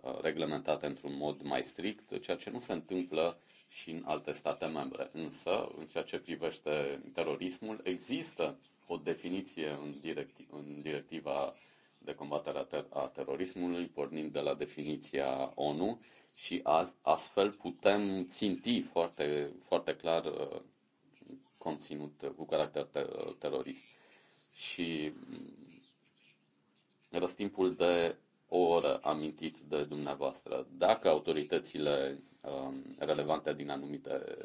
uh, reglementate într-un mod mai strict, ceea ce nu se întâmplă și în alte state membre. Însă, în ceea ce privește terorismul, există o definiție în, directi- în directiva de combatere a, ter- a terorismului, pornind de la definiția ONU, și astfel putem ținti foarte, foarte clar uh, conținut cu caracter uh, terorist. Și mm, răstimpul de o oră amintit de dumneavoastră, dacă autoritățile um, relevante din anumite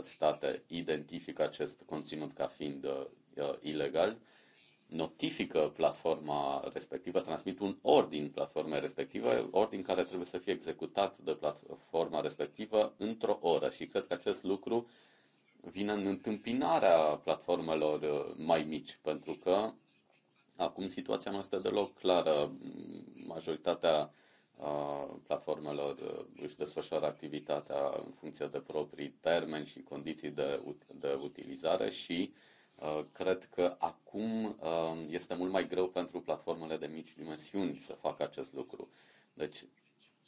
state identifică acest conținut ca fiind uh, ilegal, notifică platforma respectivă, transmit un ordin platformei respective, ordin care trebuie să fie executat de platforma respectivă într-o oră și cred că acest lucru vine în întâmpinarea platformelor uh, mai mici, pentru că acum situația nu este deloc clară. Majoritatea uh, platformelor uh, își desfășoară activitatea în funcție de proprii termeni și condiții de, de utilizare și uh, Uh, cred că acum uh, este mult mai greu pentru platformele de mici dimensiuni să facă acest lucru. Deci,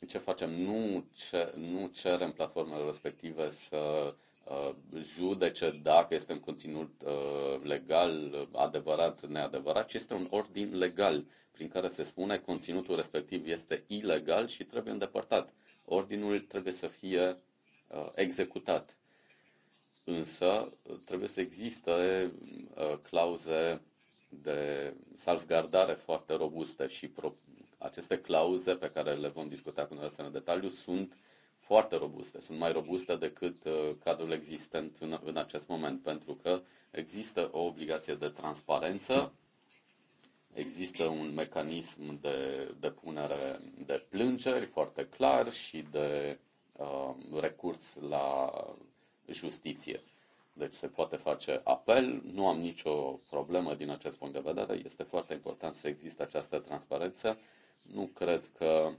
ce facem? Nu, ce, nu cerem platformele respective să uh, judece dacă este un conținut legal, adevărat, neadevărat, ci este un ordin legal prin care se spune conținutul respectiv este ilegal și trebuie îndepărtat. Ordinul trebuie să fie executat însă trebuie să existe uh, clauze de salvgardare foarte robuste și pro- aceste clauze pe care le vom discuta cu dumneavoastră în detaliu sunt foarte robuste, sunt mai robuste decât uh, cadrul existent în, în acest moment, pentru că există o obligație de transparență, există un mecanism de, depunere punere de plângeri foarte clar și de uh, recurs la justiție. Deci se poate face apel, nu am nicio problemă din acest punct de vedere, este foarte important să existe această transparență. Nu cred că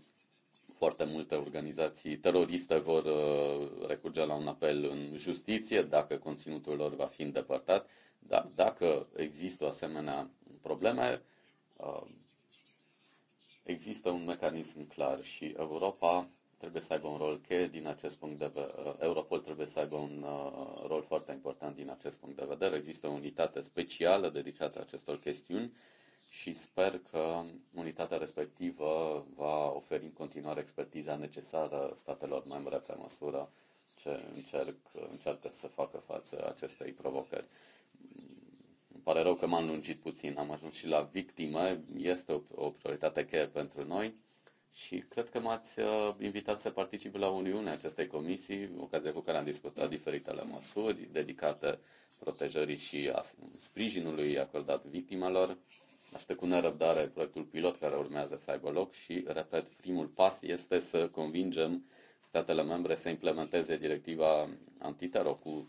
foarte multe organizații teroriste vor uh, recurge la un apel în justiție dacă conținutul lor va fi îndepărtat, dar dacă există asemenea probleme, uh, există un mecanism clar și Europa trebuie să aibă un rol cheie din acest punct de vedere. Uh, Europol trebuie să aibă un uh, rol foarte important din acest punct de vedere. Există o unitate specială dedicată acestor chestiuni și sper că unitatea respectivă va oferi în continuare expertiza necesară statelor membre pe măsură ce încerc, încearcă să facă față acestei provocări. Îmi pare rău că m-am lungit puțin, am ajuns și la victime, este o, o prioritate cheie pentru noi și cred că m-ați uh, invitat să particip la Uniunea acestei comisii, ocazia cu care am discutat diferitele măsuri dedicate protejării și a sprijinului acordat victimelor. Aștept cu nerăbdare proiectul pilot care urmează să aibă loc și, repet, primul pas este să convingem statele membre să implementeze directiva antitero cu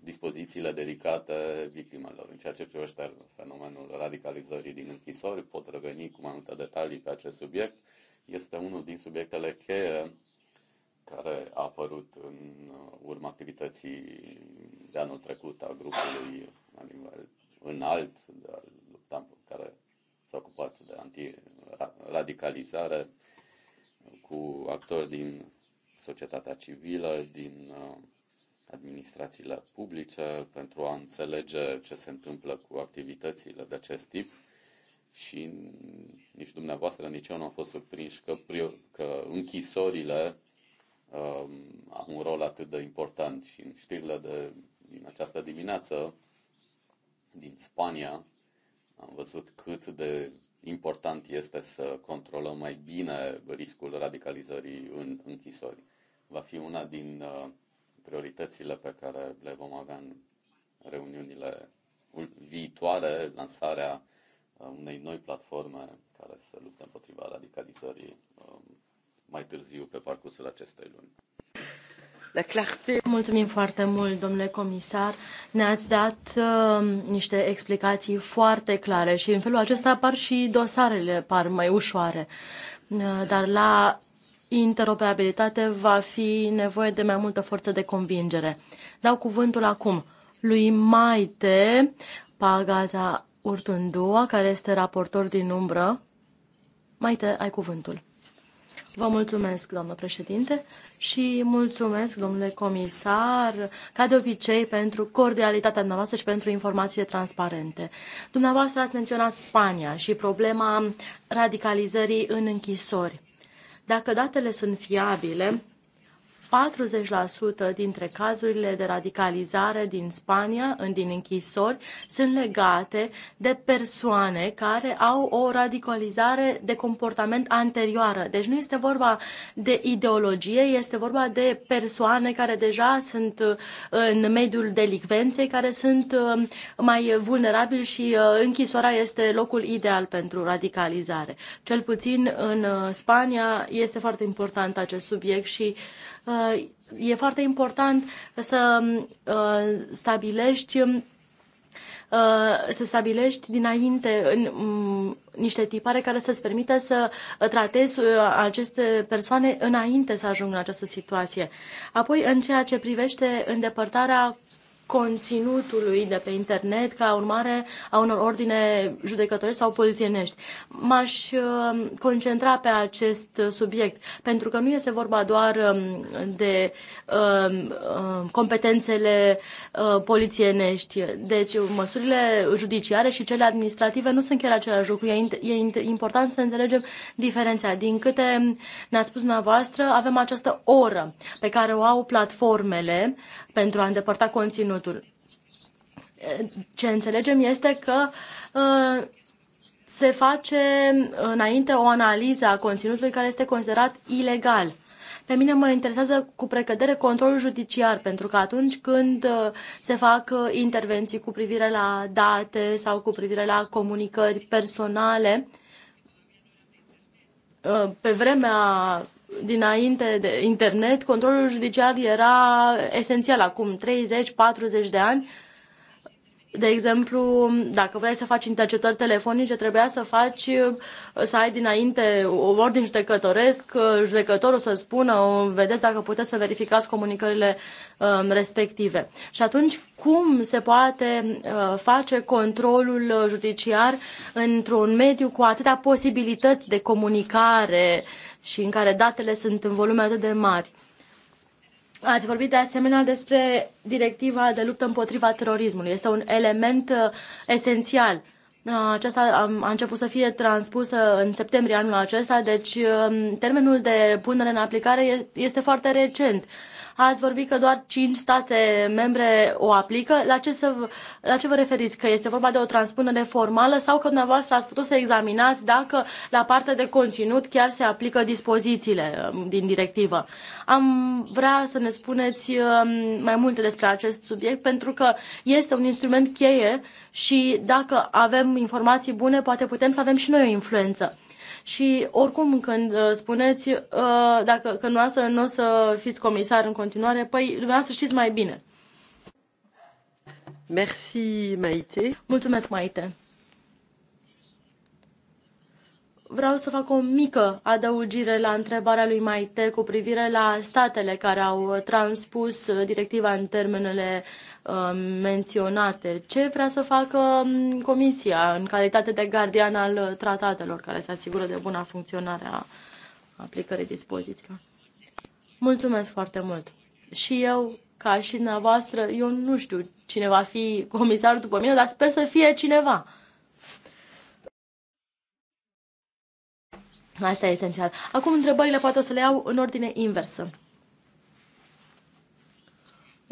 dispozițiile dedicate victimelor. În ceea ce privește fenomenul radicalizării din închisori, pot reveni cu mai multe detalii pe acest subiect. Este unul din subiectele cheie care a apărut în urma activității de anul trecut a grupului la nivel înalt de lupta care s-a ocupat de antiradicalizare cu actori din societatea civilă, din uh, administrațiile publice pentru a înțelege ce se întâmplă cu activitățile de acest tip și nici dumneavoastră, nici eu nu am fost surprinși că, că închisorile um, au un rol atât de important și în știrile de, din această dimineață din Spania am văzut cât de important este să controlăm mai bine riscul radicalizării în închisori. Va fi una din uh, prioritățile pe care le vom avea în reuniunile viitoare, lansarea uh, unei noi platforme care să lupte împotriva radicalizării um, mai târziu pe parcursul acestei luni. La clarté. Mulțumim foarte mult, domnule comisar. Ne-ați dat uh, niște explicații foarte clare și în felul acesta apar și dosarele, par mai ușoare. Uh, dar la interoperabilitate va fi nevoie de mai multă forță de convingere. Dau cuvântul acum lui Maite Pagaza Urtundua, care este raportor din umbră. Maite, ai cuvântul. Vă mulțumesc, doamnă președinte, și mulțumesc, domnule comisar, ca de obicei, pentru cordialitatea dumneavoastră și pentru informațiile transparente. Dumneavoastră ați menționat Spania și problema radicalizării în închisori. Dacă datele sunt fiabile, 40% dintre cazurile de radicalizare din Spania, din închisori, sunt legate de persoane care au o radicalizare de comportament anterioară. Deci nu este vorba de ideologie, este vorba de persoane care deja sunt uh, în mediul delicvenței, care sunt uh, mai vulnerabili și uh, închisoarea este locul ideal pentru radicalizare. Cel puțin în Spania este foarte important acest subiect și uh, Uh, e foarte important să uh, stabilești uh, să stabilești dinainte mm, niște tipare care să-ți permită să tratezi aceste persoane înainte să ajungă în această situație. Apoi, în ceea ce privește îndepărtarea conținutului de pe internet ca urmare a unor ordine judecătorești sau polițienești. M-aș uh, concentra pe acest subiect, pentru că nu este vorba doar um, de um, um, competențele uh, polițienești. Deci măsurile judiciare și cele administrative nu sunt chiar același lucru. E important să înțelegem diferența. Din câte ne-a spus dumneavoastră, avem această oră pe care o au platformele uh, pentru a îndepărta conținutul. Ce înțelegem este că uh, se face înainte o analiză a conținutului care este considerat ilegal. Pe mine mă interesează cu precădere controlul judiciar, pentru că atunci când uh, se fac uh, intervenții cu privire la date sau cu privire la comunicări personale, pe vremea dinainte de internet, controlul judiciar era esențial acum 30-40 de ani. De exemplu, dacă vrei să faci interceptări telefonice, trebuia să faci, să ai dinainte o ordin judecătoresc, judecătorul să spună, vedeți dacă puteți să verificați comunicările um, respective. Și atunci, cum se poate uh, face controlul judiciar într-un mediu cu atâtea posibilități de comunicare uh, și în care datele sunt în volume atât de mari. Ați vorbit de asemenea despre directiva de luptă împotriva terorismului. Este un element uh, esențial. Uh, aceasta a început să fie transpusă în septembrie anul acesta, deci um, termenul de punere în aplicare este foarte recent. Ați vorbit că doar 5 state membre o aplică. La ce, să, la ce vă referiți? Că este vorba de o transpunere formală sau că dumneavoastră ați putut să examinați dacă la partea de conținut chiar se aplică dispozițiile um, din directivă? Am vrea să ne spuneți um, mai multe despre acest subiect pentru că este un instrument cheie și dacă avem informații bune, poate putem să avem și noi o influență. Și oricum când uh, spuneți uh, dacă, că noastră nu o să fiți comisar în continuare, păi dumneavoastră știți mai bine. Merci, Maite. Mulțumesc, Maite. Vreau să fac o mică adăugire la întrebarea lui Maite cu privire la statele care au transpus uh, directiva în termenele uh, Uh, menționate. Ce vrea să facă um, Comisia în calitate de gardian al uh, tratatelor care se asigură de buna funcționare a aplicării dispozițiilor? Mulțumesc foarte mult! Și eu, ca și dumneavoastră, eu nu știu cine va fi comisarul după mine, dar sper să fie cineva. Asta e esențial. Acum întrebările poate o să le iau în ordine inversă.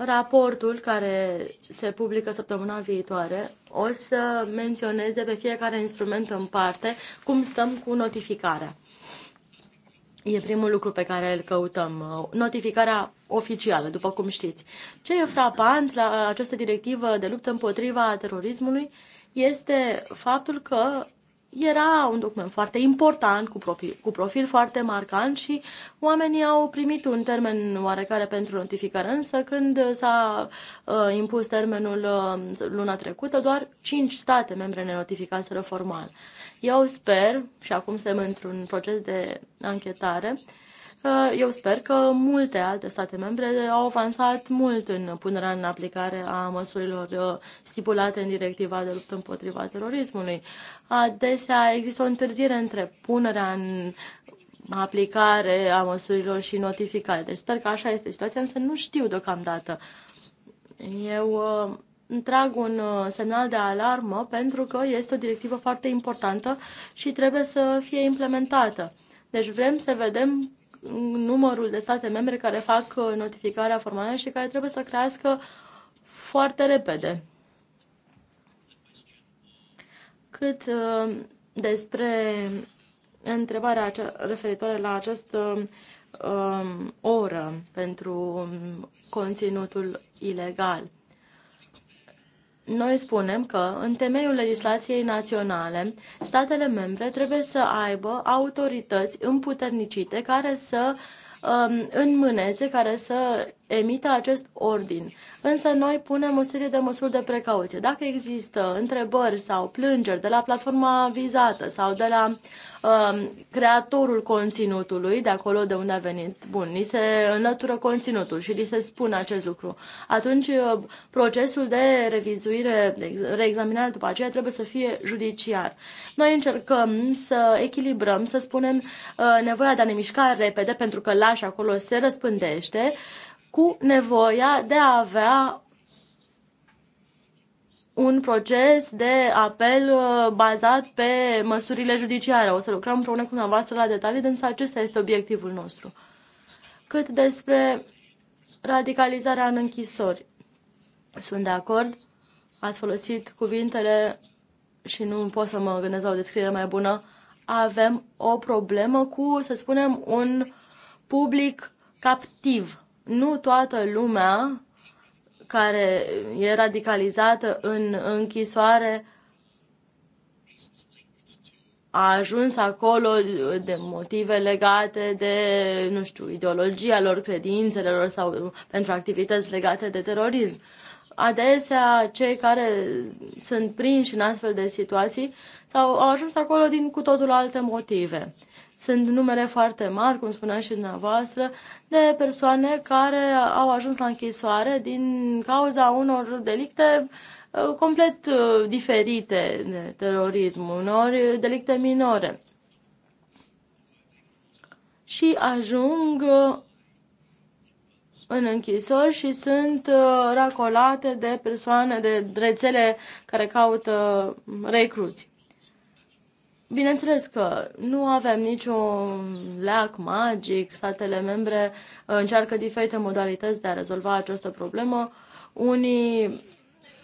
Raportul care se publică săptămâna viitoare o să menționeze pe fiecare instrument în parte cum stăm cu notificarea. E primul lucru pe care îl căutăm, uh, notificarea oficială, după cum știți. Ce e frapant la această directivă de luptă împotriva terorismului este faptul că era un document foarte important, cu profil, cu profil foarte marcant și oamenii au primit un termen oarecare pentru notificare, însă când s-a uh, impus termenul uh, luna trecută, doar 5 state membre ne notificaseră formal. Eu sper, și acum suntem într-un proces de anchetare, uh, Uh, eu sper că multe alte state membre au avansat mult în punerea în aplicare a măsurilor uh, stipulate în directiva de luptă împotriva terorismului. Adesea există o întârziere între punerea în aplicare a măsurilor și notificare. Deci sper că așa este situația, însă nu știu deocamdată. Eu uh, trag un semnal de alarmă pentru că este o directivă foarte importantă și trebuie să fie implementată. Deci vrem să vedem numărul de state membre care fac uh, notificarea formală și care trebuie să crească foarte repede. Cât uh, despre întrebarea referitoare la această um, oră pentru um, conținutul ilegal. Noi spunem că, în temeiul legislației naționale, statele membre trebuie să aibă autorități împuternicite care să um, înmâneze, care să emită acest ordin. Însă noi punem o serie de măsuri de precauție. Dacă există întrebări sau plângeri de la platforma vizată sau de la uh, creatorul conținutului, de acolo de unde a venit, bun, ni se înlătură conținutul și ni se spune acest lucru, atunci uh, procesul de revizuire, de reexaminare după aceea trebuie să fie judiciar. Noi încercăm să echilibrăm, să spunem uh, nevoia de a ne mișca repede pentru că lași acolo se răspândește, uh, cu nevoia de a avea un proces de apel uh, bazat pe măsurile judiciare. O să lucrăm împreună cu dumneavoastră la detalii, însă acesta este obiectivul nostru. Cât despre radicalizarea în închisori. Sunt de acord. Ați folosit cuvintele și nu pot să mă gândesc la o descriere mai bună. Avem o problemă cu, să spunem, un public captiv nu toată lumea care e radicalizată în închisoare a ajuns acolo de motive legate de, nu știu, ideologia lor, credințele lor sau pentru activități legate de terorism. Adesea, cei care sunt prinși în astfel de situații sau au ajuns acolo din cu totul alte motive. Sunt numere foarte mari, cum spuneam și dumneavoastră, de persoane care au ajuns la închisoare din cauza unor delicte uh, complet uh, diferite de terorism, unor delicte minore. Și ajung uh, în închisori și sunt racolate de persoane, de rețele care caută recruți. Bineînțeles că nu avem niciun leac magic, statele membre uh, încearcă diferite modalități de a rezolva această problemă. Unii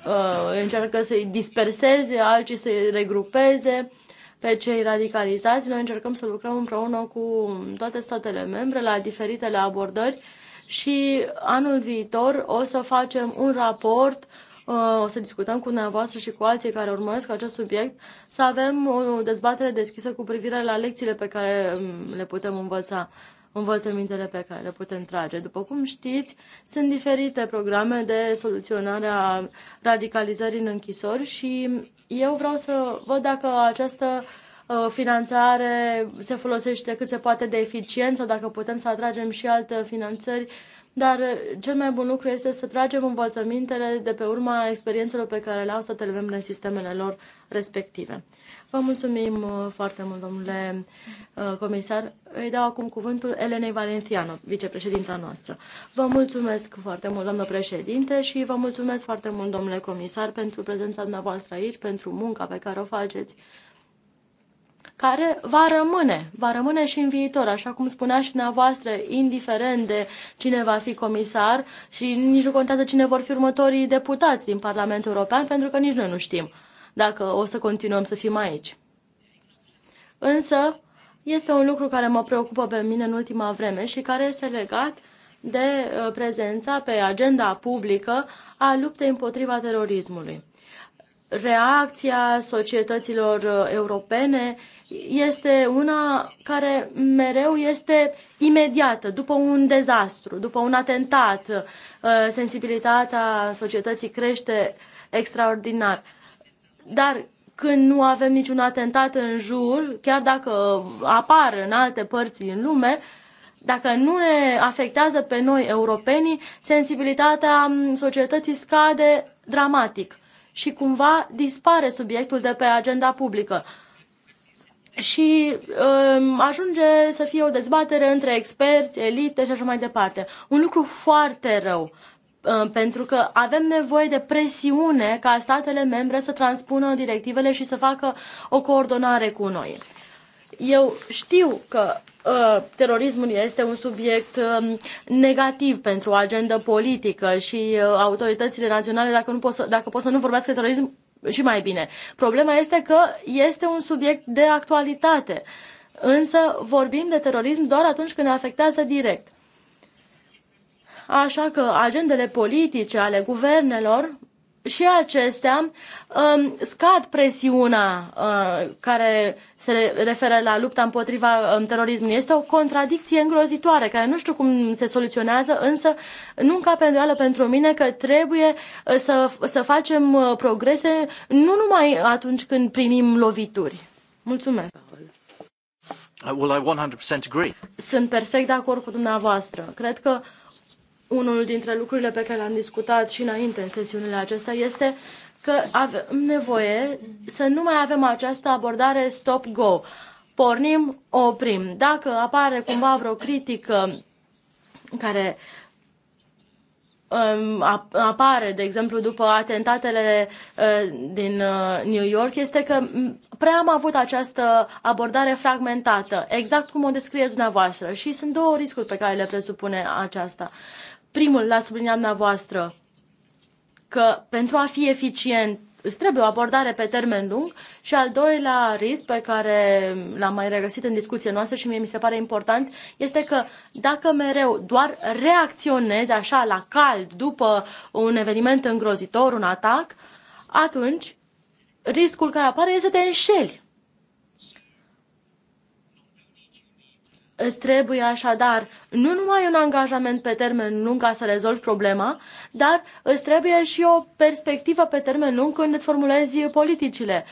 uh, încearcă să-i disperseze, alții să-i regrupeze pe cei radicalizați. Noi încercăm să lucrăm împreună cu toate statele membre la diferitele abordări și anul viitor o să facem un raport, uh, o să discutăm cu dumneavoastră și cu alții care urmăresc acest subiect, să avem o dezbatere deschisă cu privire la lecțiile pe care um, le putem învăța învățămintele pe care le putem trage. După cum știți, sunt diferite programe de soluționare a radicalizării în închisori și eu vreau să văd dacă această uh, Uh, finanțare se folosește cât se poate de eficient sau dacă putem să atragem și alte finanțări. Dar uh, cel mai bun lucru este să tragem învățămintele de pe urma experiențelor pe care le-au statele membre în sistemele lor respective. Vă mulțumim uh, foarte mult, domnule comisar. Îi dau acum cuvântul Elenei Valenciano, vicepreședinta noastră. Vă mulțumesc foarte mult, doamnă președinte, și vă mulțumesc foarte mult, domnule comisar, pentru prezența dumneavoastră aici, pentru munca pe care o faceți care va rămâne, va rămâne și în viitor, așa cum spunea și dumneavoastră, indiferent de cine va fi comisar și nici nu contează cine vor fi următorii deputați din Parlamentul European, pentru că nici noi nu știm dacă o să continuăm să fim aici. Însă, este un lucru care mă preocupă pe mine în ultima vreme și care este legat de uh, prezența pe agenda publică a luptei împotriva terorismului. Reacția societăților uh, europene este una care mereu este imediată, după un dezastru, după un atentat. Uh, sensibilitatea societății crește extraordinar. Dar când nu avem niciun atentat în jur, chiar dacă apar în alte părți în lume, dacă nu ne afectează pe noi europenii, sensibilitatea societății scade dramatic și cumva dispare subiectul de pe agenda publică și um, ajunge să fie o dezbatere între experți, elite și așa mai departe. Un lucru foarte rău, um, pentru că avem nevoie de presiune ca statele membre să transpună directivele și să facă o coordonare cu noi. Eu știu că uh, terorismul este un subiect uh, negativ pentru agenda agendă politică și uh, autoritățile naționale, dacă, nu pot să, dacă pot să nu vorbească terorism, și mai bine. Problema este că este un subiect de actualitate. Însă vorbim de terorism doar atunci când ne afectează direct. Așa că agendele politice ale guvernelor și acestea uh, scad presiunea uh, care se referă la lupta împotriva uh, terorismului. Este o contradicție îngrozitoare, care nu știu cum se soluționează, însă nu încape îndoială pentru mine că trebuie uh, să, să facem uh, progrese nu numai atunci când primim lovituri. Mulțumesc! Uh, well, I 100% agree. Sunt perfect de acord cu dumneavoastră. Cred că unul dintre lucrurile pe care le-am discutat și înainte în sesiunile acestea este că avem nevoie să nu mai avem această abordare stop-go. Pornim, oprim. Dacă apare cumva vreo critică care um, apare, de exemplu, după atentatele uh, din uh, New York, este că prea am avut această abordare fragmentată, exact cum o descrieți dumneavoastră. Și sunt două riscuri pe care le presupune aceasta. Primul la a subliniat dumneavoastră, că pentru a fi eficient îți trebuie o abordare pe termen lung și al doilea risc pe care l-am mai regăsit în discuție noastră și mie mi se pare important este că dacă mereu doar reacționezi așa la cald după un eveniment îngrozitor, un atac, atunci riscul care apare este să te înșeli. Îți trebuie așadar nu numai un angajament pe termen lung ca să rezolvi problema, dar îți trebuie și o perspectivă pe termen lung când îți formulezi politicile.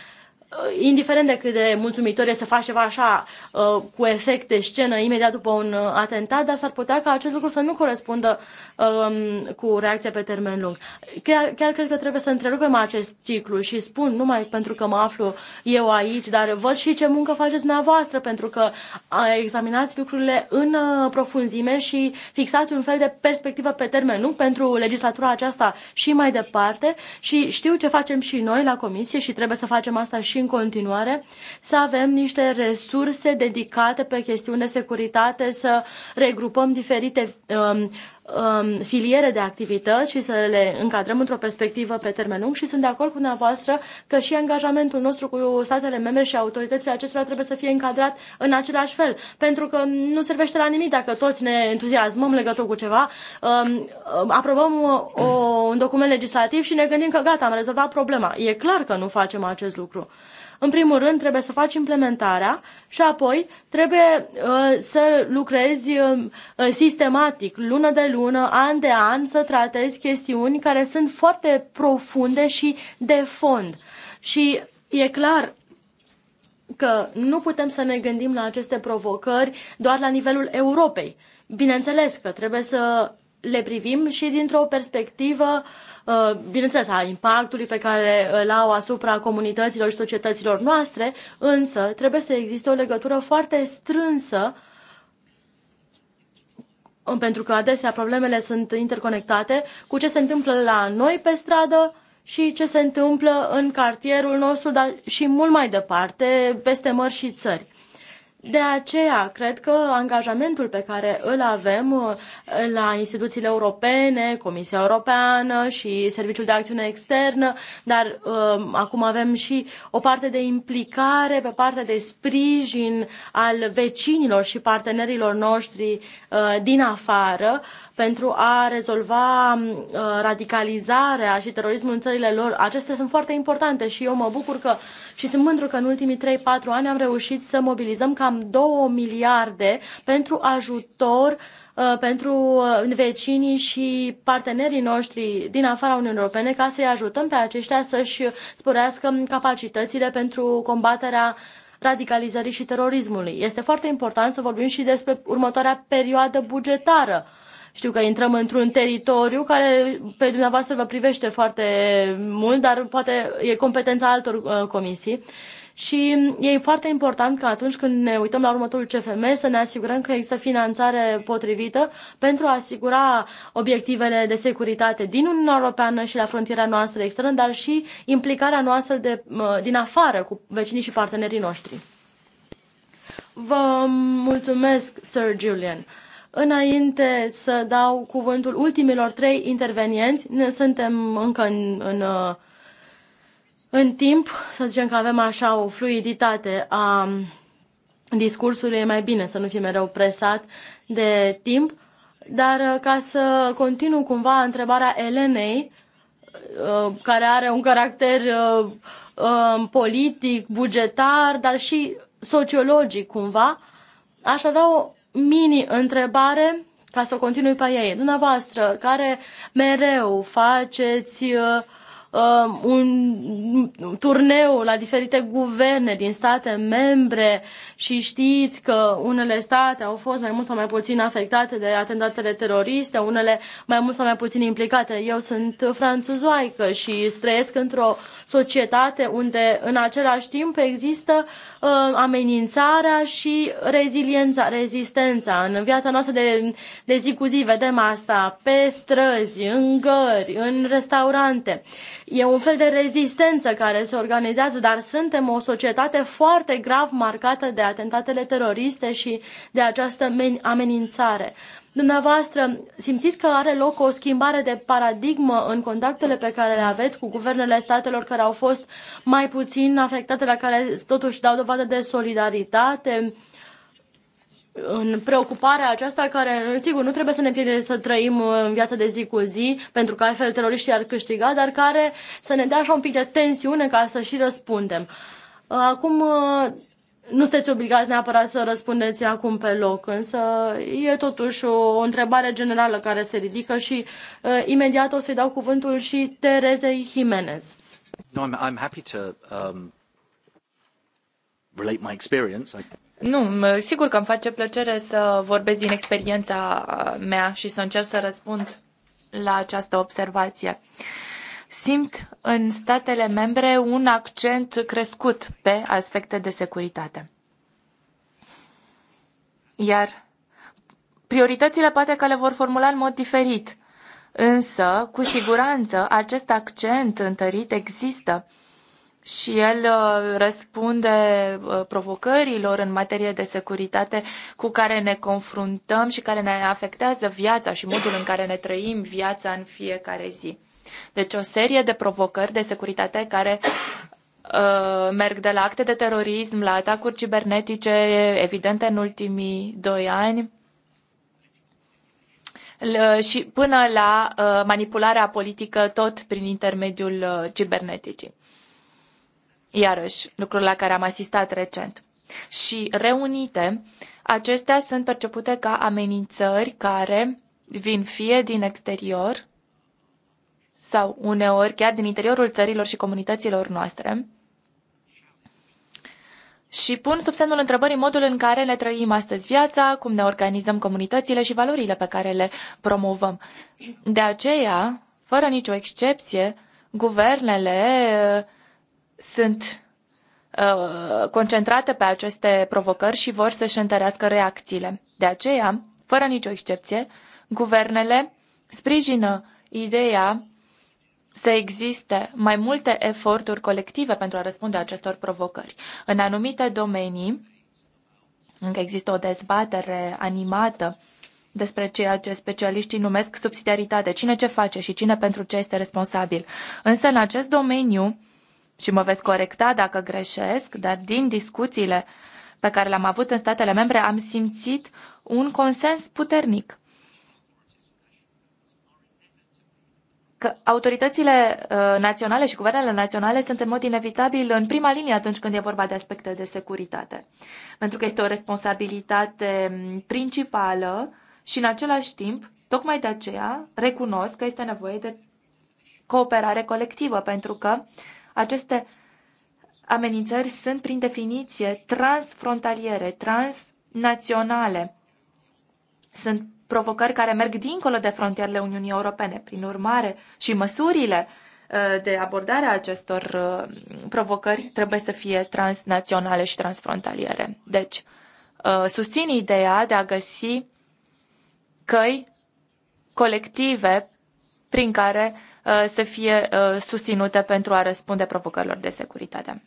Uh, indiferent de cât de mulțumitor e să faci ceva așa uh, cu efecte scenă imediat după un uh, atentat, dar s-ar putea ca acest lucru să nu corespundă um, cu reacția pe termen lung. Chiar, chiar cred că trebuie să întrerupem acest ciclu și spun numai pentru că mă aflu eu aici, dar văd și ce muncă faceți dumneavoastră, pentru că examinați lucrurile în profunzime și fixați un fel de perspectivă pe termen lung pentru legislatura aceasta și mai departe și știu ce facem și noi la comisie și trebuie să facem asta și în continuare să avem niște resurse dedicate pe chestiuni de securitate, să regrupăm diferite um, um, filiere de activități și să le încadrăm într-o perspectivă pe termen lung și sunt de acord cu dumneavoastră că și angajamentul nostru cu statele membre și autoritățile acestora trebuie să fie încadrat în același fel, pentru că nu servește la nimic dacă toți ne entuziasmăm legătură cu ceva, um, aprobăm o, un document legislativ și ne gândim că gata, am rezolvat problema. E clar că nu facem acest lucru. În primul rând, trebuie să faci implementarea și apoi trebuie uh, să lucrezi uh, uh, sistematic, lună de lună, an de an, să tratezi chestiuni care sunt foarte profunde și de fond. Și e clar că nu putem să ne gândim la aceste provocări doar la nivelul Europei. Bineînțeles că trebuie să le privim și dintr-o perspectivă uh, Uh, bineînțeles, a impactului pe care îl au asupra comunităților și societăților noastre, însă trebuie să existe o legătură foarte strânsă um, pentru că adesea problemele sunt interconectate cu ce se întâmplă la noi pe stradă și ce se întâmplă în cartierul nostru, dar și mult mai departe, peste mări și țări. De aceea, cred că angajamentul pe care îl avem uh, la instituțiile europene, Comisia Europeană și Serviciul de Acțiune Externă, dar um, acum avem și o parte de implicare, pe partea de sprijin al vecinilor și partenerilor noștri uh, din afară pentru a rezolva uh, radicalizarea și terorismul în țările lor. Acestea sunt foarte importante și eu mă bucur că uh, și sunt mândru că în ultimii 3-4 ani am reușit să mobilizăm cam 2 miliarde pentru ajutor uh, pentru uh, vecinii și partenerii noștri din afara Uniunii Europene ca să-i ajutăm pe aceștia să-și sporească capacitățile pentru combaterea radicalizării și terorismului. Este foarte important să vorbim și despre următoarea perioadă bugetară știu că intrăm într-un teritoriu care pe dumneavoastră vă privește foarte mult, dar poate e competența altor uh, comisii. Și e foarte important că atunci când ne uităm la următorul CFM să ne asigurăm că există finanțare potrivită pentru a asigura obiectivele de securitate din Uniunea Europeană și la frontiera noastră externă, dar și implicarea noastră de, uh, din afară cu vecinii și partenerii noștri. Vă mulțumesc, Sir Julian. Înainte să dau cuvântul ultimilor trei intervenienți, ne, suntem încă în, în, uh, în timp, să zicem că avem așa o fluiditate a discursului, e mai bine să nu fim mereu presat de timp, dar uh, ca să continu cumva întrebarea Elenei, uh, care are un caracter politic, bugetar, dar și sociologic cumva, aș avea o mini-întrebare ca să o continui pe ei. Dumneavoastră, care mereu faceți uh, un turneu la diferite guverne din state membre și știți că unele state au fost mai mult sau mai puțin afectate de atentatele teroriste, unele mai mult sau mai puțin implicate. Eu sunt franțuzoaică și trăiesc într-o societate unde în același timp există uh, Uh, amenințarea și reziliența, rezistența. În viața noastră de, de zi cu zi vedem asta pe străzi, în gări, în restaurante. E un fel de rezistență care se organizează, dar suntem o societate foarte grav marcată de atentatele teroriste și de această amenințare. Dumneavoastră, simțiți că are loc o schimbare de paradigmă în contactele pe care le aveți cu guvernele statelor care au fost mai puțin afectate, la care totuși dau dovadă de solidaritate? în preocuparea aceasta care, sigur, nu trebuie să ne pierde să trăim uh, în viața de zi cu zi, pentru că altfel teroriștii ar câștiga, dar care să ne dea așa un pic de tensiune ca să și răspundem. Uh, acum uh, nu sunteți obligați neapărat să răspundeți acum pe loc, însă e totuși o întrebare generală care se ridică și uh, imediat o să-i dau cuvântul și Terezei Jimenez. No, I'm, I'm happy to um, relate my experience. Nu, sigur că îmi face plăcere să vorbesc din experiența uh, mea și să încerc să răspund la această observație. Uh, simt în statele membre un accent crescut pe aspecte de securitate. Iar prioritățile poate că le vor formula în mod diferit, însă, cu siguranță, acest accent întărit există și el uh, răspunde uh, provocărilor în materie de securitate cu care ne confruntăm și care ne afectează viața și modul în care ne trăim viața în fiecare zi. Deci o serie de provocări de securitate care uh, merg de la acte de terorism, la atacuri cibernetice evidente în ultimii doi ani uh, și până la uh, manipularea politică tot prin intermediul uh, ciberneticii. Iarăși, lucrul la care am asistat recent. Și reunite, acestea sunt percepute ca amenințări care vin fie din exterior, sau uneori chiar din interiorul țărilor și comunităților noastre și pun sub semnul întrebării modul în care ne trăim astăzi viața, cum ne organizăm comunitățile și valorile pe care le promovăm. De aceea, fără nicio excepție, guvernele uh, sunt uh, concentrate pe aceste provocări și vor să-și întărească reacțiile. De aceea, fără nicio excepție, guvernele sprijină ideea să existe mai multe eforturi colective pentru a răspunde acestor provocări. În anumite domenii, încă există o dezbatere animată despre ceea ce specialiștii numesc subsidiaritate, cine ce face și cine pentru ce este responsabil. Însă în acest domeniu, și mă veți corecta dacă greșesc, dar din discuțiile pe care le-am avut în statele membre am simțit un consens puternic că autoritățile uh, naționale și guvernele naționale sunt în mod inevitabil în prima linie atunci când e vorba de aspecte de securitate. Pentru că este o responsabilitate mm, principală și în același timp, tocmai de aceea, recunosc că este nevoie de cooperare colectivă, pentru că aceste amenințări sunt, prin definiție, transfrontaliere, transnaționale. Sunt provocări care merg dincolo de frontierele Uniunii Europene. Prin urmare, și măsurile uh, de abordare a acestor uh, provocări trebuie să fie transnaționale și transfrontaliere. Deci, uh, susțin ideea de a găsi căi colective prin care să fie susținute pentru a răspunde provocărilor de securitate.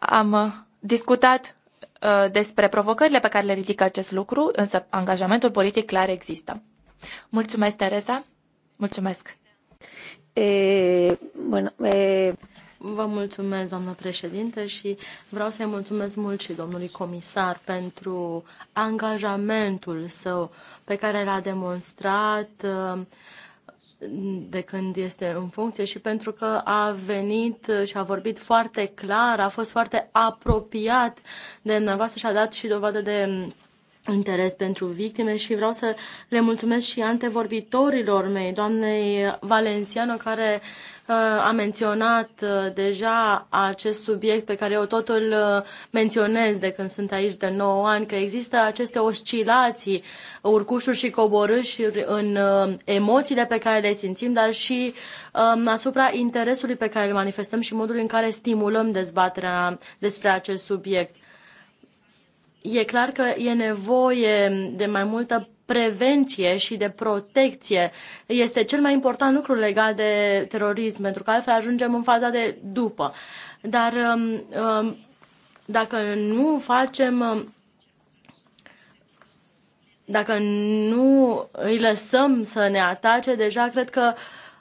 Am discutat Uh, despre provocările pe care le ridică acest lucru, însă angajamentul politic clar există. Mulțumesc, Teresa. Mulțumesc. E, bună, e... Vă mulțumesc, doamnă președinte, și vreau să-i mulțumesc mult și domnului comisar pentru angajamentul său pe care l-a demonstrat uh, de când este în funcție și pentru că a venit și a vorbit foarte clar, a fost foarte apropiat de dumneavoastră și a dat și dovadă de interes pentru victime și vreau să le mulțumesc și antevorbitorilor mei, doamnei Valenciano, care uh, a menționat uh, deja acest subiect pe care eu tot îl uh, menționez de când sunt aici de 9 ani, că există aceste oscilații, urcușuri și coborâși în emoțiile pe care le simțim, dar și um, asupra interesului pe care îl manifestăm și modul în care stimulăm dezbaterea despre acest subiect e clar că e nevoie de mai multă prevenție și de protecție. Este cel mai important lucru legat de terorism, pentru că altfel ajungem în faza de după. Dar um, um, dacă nu facem um, dacă nu îi lăsăm să ne atace, deja cred că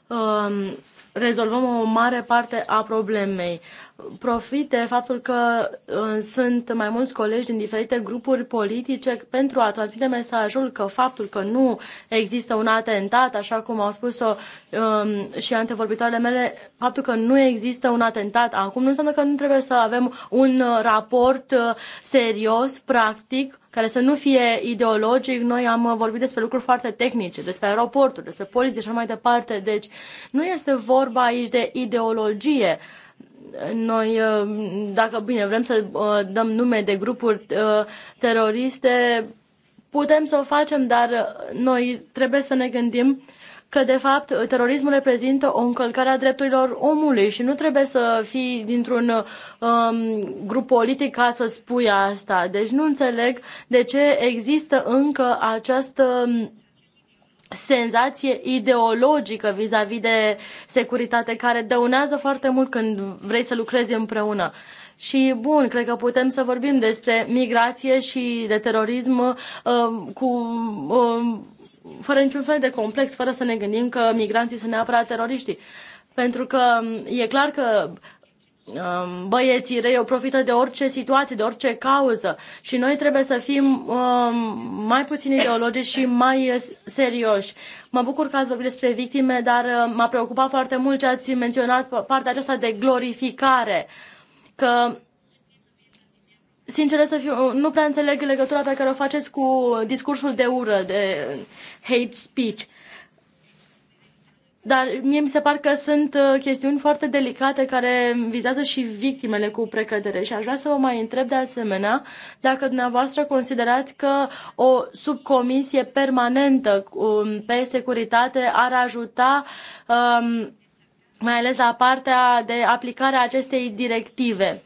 um, rezolvăm o mare parte a problemei. Uh, profite faptul că uh, sunt mai mulți colegi din diferite grupuri politice pentru a transmite mesajul că faptul că nu există un atentat, așa cum au spus-o um, și antevorbitoarele mele, faptul că nu există un atentat acum nu înseamnă că nu trebuie să avem un raport uh, serios, practic, care să nu fie ideologic. Noi am vorbit despre lucruri foarte tehnice, despre aeroporturi, despre poliție și așa mai departe. Deci nu este vorba aici de ideologie. Uh, noi, uh, dacă bine vrem să uh, dăm nume de grupuri uh, teroriste, putem să o facem, dar noi trebuie să ne gândim că, de fapt, terorismul reprezintă o încălcare a drepturilor omului și nu trebuie să fii dintr-un um, grup politic ca să spui asta. Deci nu înțeleg de ce există încă această senzație ideologică vis-a-vis -vis de securitate care dăunează foarte mult când vrei să lucrezi împreună. Și bun, cred că putem să vorbim despre migrație și de terorism uh, cu, uh, fără niciun fel de complex, fără să ne gândim că migranții sunt neapărat teroriștii. Pentru că um, e clar că băieții rei, o profită de orice situație, de orice cauză și noi trebuie să fim um, mai puțin ideologici și mai uh, serioși. Mă bucur că ați vorbit despre victime, dar uh, m-a preocupat foarte mult ce ați menționat partea aceasta de glorificare, că Sincer să fiu, nu prea înțeleg legătura pe care o faceți cu discursul de ură, de hate speech. Dar mie mi se par că sunt uh, chestiuni foarte delicate care vizează și victimele cu precădere și aș vrea să vă mai întreb de asemenea dacă dumneavoastră considerați că o subcomisie permanentă um, pe securitate ar ajuta um, mai ales la partea de aplicare a acestei directive.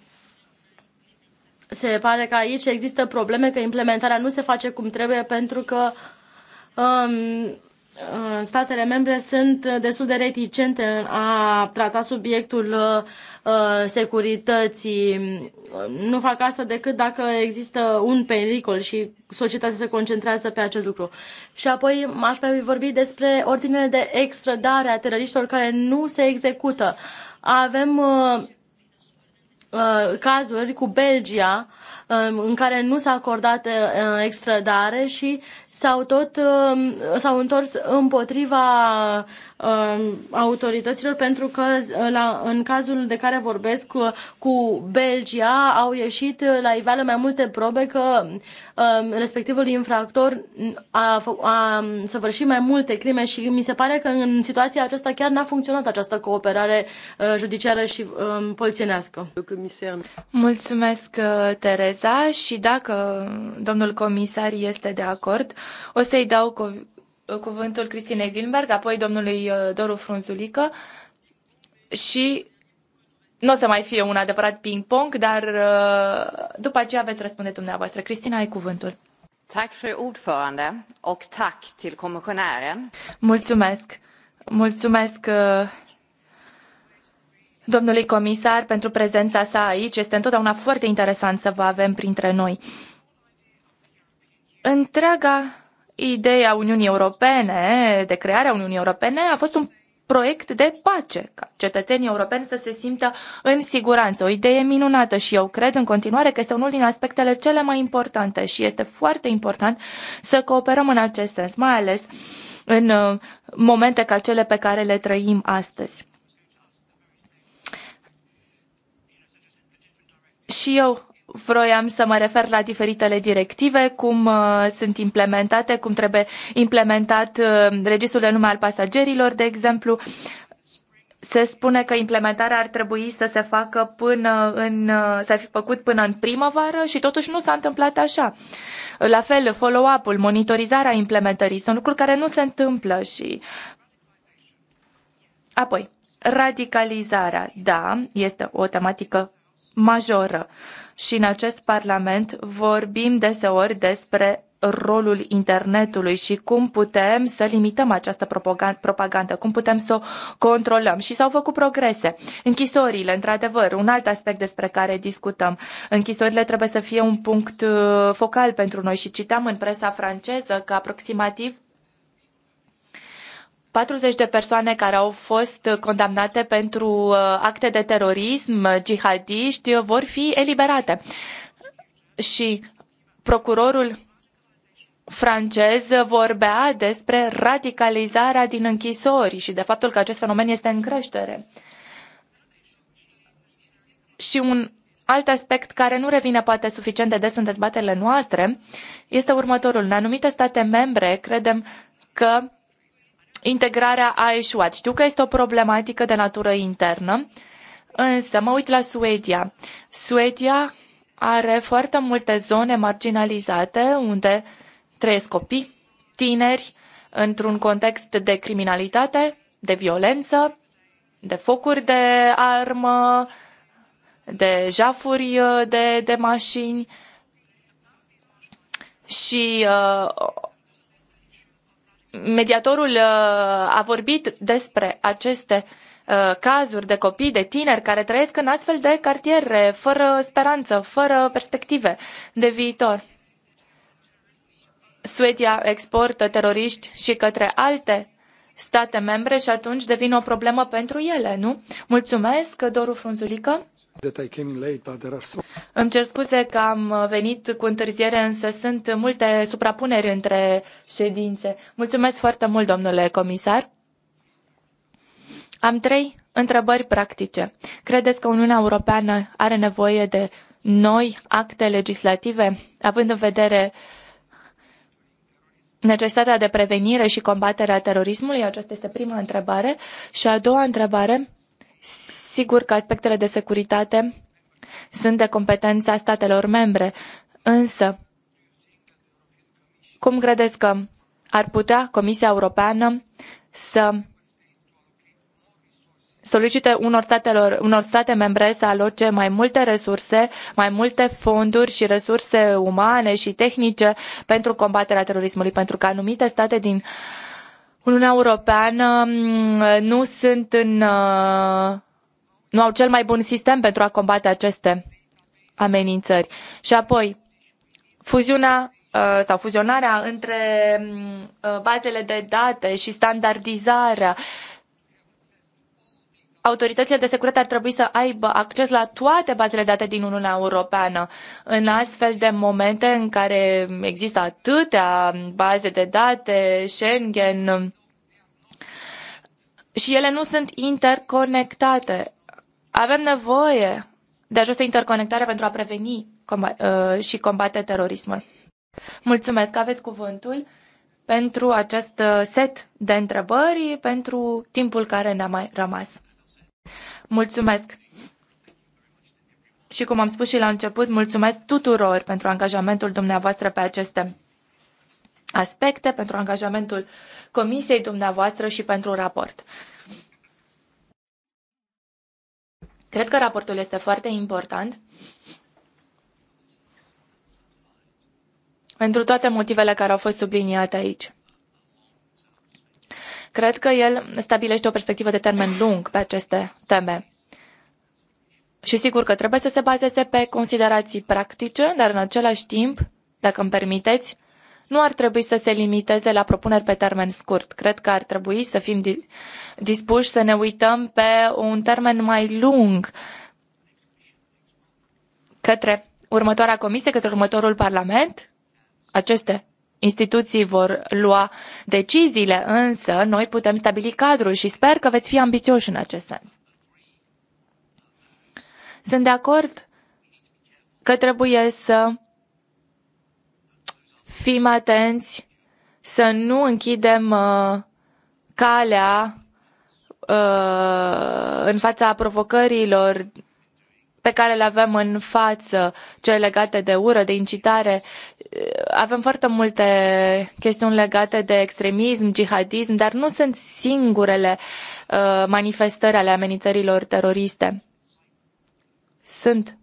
Se pare că aici există probleme, că implementarea nu se face cum trebuie pentru că um, Uh, statele membre sunt uh, destul de reticente în a trata subiectul uh, securității. Nu fac asta decât dacă există un pericol și societatea se concentrează pe acest lucru. Și apoi aș mai vorbi despre ordinele de extradare a teroriștilor care nu se execută. Avem uh, Uh, cazuri cu Belgia um, în care nu s-a acordat uh, extradare și s-au tot um, s-au întors împotriva um, autorităților pentru că uh, la, în cazul de care vorbesc cu, cu Belgia au ieșit la iveală mai multe probe că respectivul infractor a, a săvârșit mai multe crime și mi se pare că în situația aceasta chiar n-a funcționat această cooperare judiciară și polițienească comisar. Mulțumesc, uh, Tereza, și dacă domnul comisar este de acord, o să-i dau cuvântul Cristinei Wilmberg, apoi domnului uh, Doru Frunzulică și nu o să mai fie un adevărat ping-pong, dar uh, după aceea veți răspunde dumneavoastră. Cristina, ai cuvântul. Tack ordförande och tack till kommissionären. Mulțumesc. Mulțumesc domnului comisar pentru prezența sa aici. Este întotdeauna foarte interesant să vă avem printre noi. Întreaga idee a Uniunii Europene, de crearea Uniunii Europene, a fost un proiect de pace, ca cetățenii europeni să se simtă în siguranță. O idee minunată și eu cred în continuare că este unul din aspectele cele mai importante și este foarte important să cooperăm în acest sens, mai ales în uh, momente ca cele pe care le trăim astăzi. Și eu vroiam să mă refer la diferitele directive, cum uh, sunt implementate, cum trebuie implementat uh, registrul de nume al pasagerilor, de exemplu. Se spune că implementarea ar trebui să se facă până în, uh, să fi făcut până în primăvară și totuși nu s-a întâmplat așa. La fel, follow-up-ul, monitorizarea implementării sunt lucruri care nu se întâmplă și apoi radicalizarea, da, este o tematică majoră. Și în acest Parlament vorbim deseori despre rolul internetului și cum putem să limităm această propagandă, cum putem să o controlăm. Și s-au făcut progrese. Închisorile, într-adevăr, un alt aspect despre care discutăm. Închisorile trebuie să fie un punct uh, focal pentru noi și citeam în presa franceză că aproximativ 40 de persoane care au fost condamnate pentru uh, acte de terorism, uh, jihadiști, uh, vor fi eliberate. Și procurorul francez vorbea despre radicalizarea din închisori și de faptul că acest fenomen este în creștere. Și un alt aspect care nu revine poate suficient de des în dezbaterile noastre este următorul. În anumite state membre credem că integrarea a eșuat. Știu că este o problematică de natură internă, însă mă uit la Suedia. Suedia are foarte multe zone marginalizate unde trăiesc copii, tineri, într-un context de criminalitate, de violență, de focuri de armă, de jafuri de, de mașini. Și uh, mediatorul uh, a vorbit despre aceste uh, cazuri de copii, de tineri care trăiesc în astfel de cartiere, fără speranță, fără perspective de viitor. Suedia exportă teroriști și către alte state membre și atunci devine o problemă pentru ele, nu? Mulțumesc, Doru Frunzulică. Îmi cer scuze că am venit cu întârziere, însă sunt multe suprapuneri între ședințe. Mulțumesc foarte mult, domnule comisar. Am trei întrebări practice. Credeți că Uniunea Europeană are nevoie de noi acte legislative, având în vedere necesitatea de prevenire și combaterea a terorismului? Aceasta este prima întrebare. Și a doua întrebare Sigur că aspectele de securitate sunt de competența statelor membre, însă cum credeți că ar putea Comisia Europeană să solicite unor, statelor, unor state membre să aloce mai multe resurse, mai multe fonduri și resurse umane și tehnice pentru combaterea terorismului, pentru că anumite state din Uniunea Europeană mm, nu sunt în uh, nu au cel mai bun sistem pentru a combate aceste amenințări. Și apoi, fuziunea uh, sau fuzionarea între mm, uh, bazele de date și standardizarea. Autoritățile de securitate ar trebui să aibă acces la toate bazele date din Uniunea Europeană. În astfel de momente în care există atâtea baze de date, Schengen, și ele nu sunt interconectate. Avem nevoie de această interconectare pentru a preveni uh, și combate terorismul. Mulțumesc, aveți cuvântul pentru acest uh, set de întrebări, pentru timpul care ne-a mai rămas. Mulțumesc! Și cum am spus și la început, mulțumesc tuturor pentru angajamentul dumneavoastră pe aceste aspecte, pentru angajamentul comisiei dumneavoastră și pentru raport. Cred că raportul este foarte important pentru toate motivele care au fost subliniate aici. Cred că el stabilește o perspectivă de termen lung pe aceste teme. Și sigur că trebuie să se bazeze pe considerații practice, dar în același timp, dacă îmi permiteți, nu ar trebui să se limiteze la propuneri pe termen scurt. Cred că ar trebui să fim dispuși să ne uităm pe un termen mai lung către următoarea comisie, către următorul parlament. Aceste instituții vor lua deciziile, însă noi putem stabili cadrul și sper că veți fi ambițioși în acest sens. Sunt de acord că trebuie să fim atenți să nu închidem uh, calea uh, în fața provocărilor pe care le avem în față, cele legate de ură, de incitare. Uh, avem foarte multe chestiuni legate de extremism, jihadism, dar nu sunt singurele manifestări ale amenințărilor teroriste. Sunt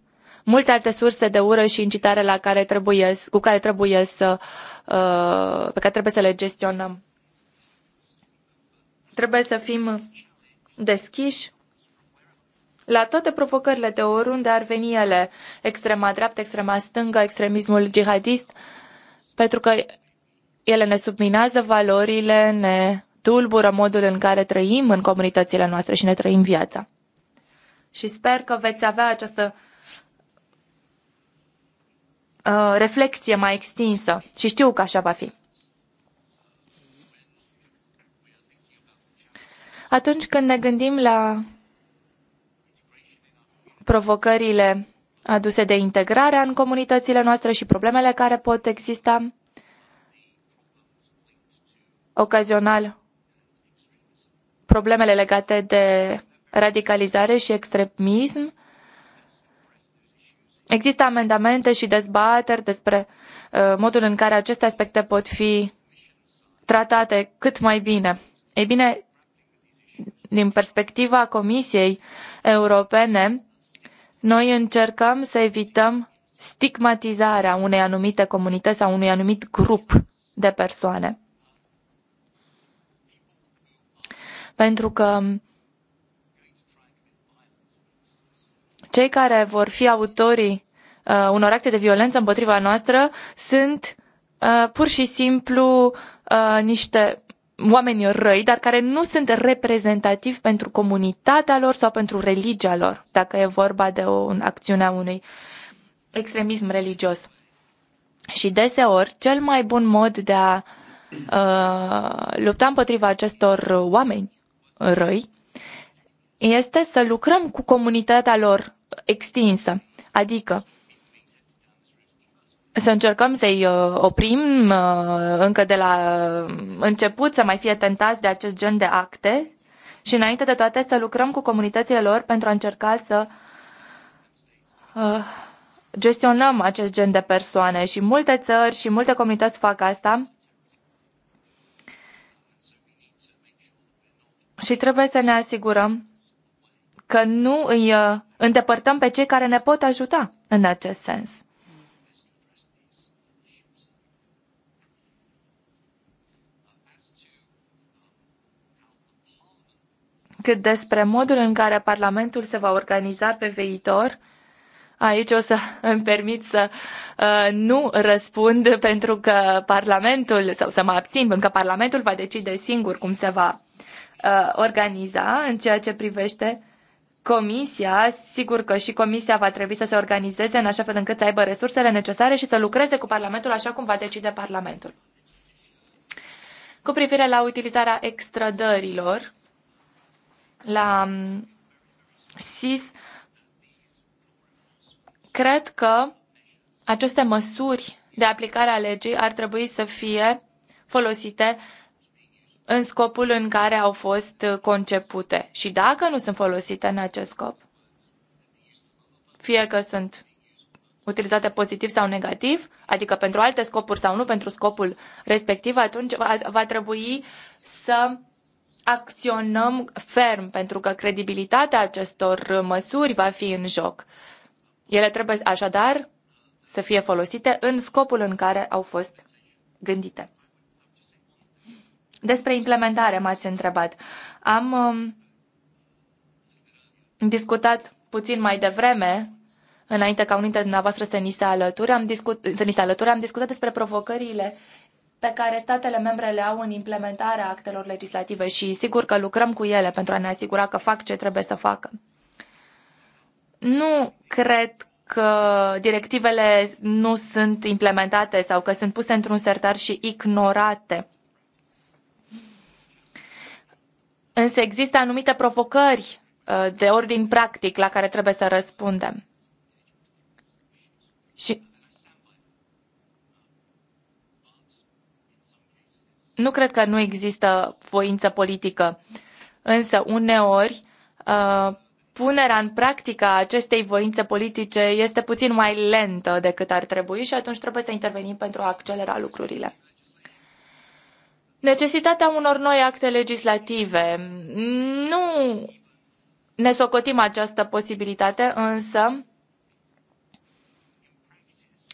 multe alte surse de ură și incitare la care trebuie, cu care trebuie să, uh, pe care trebuie să le gestionăm. Trebuie să fim deschiși la toate provocările de oriunde ar veni ele, extrema dreaptă, extrema stângă, extremismul jihadist, pentru că ele ne subminează valorile, ne tulbură modul în care trăim în comunitățile noastre și ne trăim viața. Și sper că veți avea această Uh, reflecție reflexie mai extinsă și știu că așa va fi. Atunci când ne gândim la provocările aduse de integrarea în comunitățile noastre și problemele care pot exista ocazional, problemele legate de radicalizare și extremism, Există amendamente și dezbateri despre uh, modul în care aceste aspecte pot fi tratate cât mai bine. Ei bine, din perspectiva Comisiei Europene, noi încercăm să evităm stigmatizarea unei anumite comunități sau unui anumit grup de persoane. Pentru că Cei care vor fi autorii uh, unor acte de violență împotriva noastră sunt uh, pur și simplu uh, niște oameni răi, dar care nu sunt reprezentativi pentru comunitatea lor sau pentru religia lor, dacă e vorba de o acțiune a unui extremism religios. Și deseori, cel mai bun mod de a uh, lupta împotriva acestor oameni răi este să lucrăm cu comunitatea lor extinsă, adică să încercăm să-i uh, oprim uh, încă de la uh, început să mai fie tentați de acest gen de acte și înainte de toate să lucrăm cu comunitățile lor pentru a încerca să gestionăm acest gen de persoane și multe țări și multe comunități fac asta. Și trebuie să ne asigurăm că nu îi uh, îndepărtăm pe cei care ne pot ajuta în acest sens. Cât despre modul în care Parlamentul se va organiza pe viitor, Aici o să <laughs> îmi permit să uh, nu răspund <laughs> pentru că Parlamentul, sau să mă abțin, pentru că Parlamentul va decide singur cum se va uh, organiza în ceea ce privește Comisia, sigur că și Comisia va trebui să se organizeze în așa fel încât să aibă resursele necesare și să lucreze cu Parlamentul așa cum va decide Parlamentul. Cu privire la utilizarea extrădărilor, la mm, SIS, cred că aceste măsuri de aplicare a legii ar trebui să fie folosite în scopul în care au fost concepute și dacă nu sunt folosite în acest scop, fie că sunt utilizate pozitiv sau negativ, adică pentru alte scopuri sau nu pentru scopul respectiv, atunci va trebui să acționăm ferm, pentru că credibilitatea acestor măsuri va fi în joc. Ele trebuie așadar să fie folosite în scopul în care au fost gândite. Despre implementare m-ați întrebat. Am um, discutat puțin mai devreme, înainte ca unii dintre dumneavoastră să ni se alături, am, discut, să ni se alături, am discutat despre provocările pe care statele membre le au în implementarea actelor legislative și sigur că lucrăm cu ele pentru a ne asigura că fac ce trebuie să facă. Nu cred că directivele nu sunt implementate sau că sunt puse într-un sertar și ignorate. Însă există anumite provocări uh, de ordin practic la care trebuie să răspundem. Și nu cred că nu există voință politică, însă uneori uh, punerea în practică a acestei voințe politice este puțin mai lentă decât ar trebui și atunci trebuie să intervenim pentru a accelera lucrurile necesitatea unor noi acte legislative. Nu ne socotim această posibilitate, însă,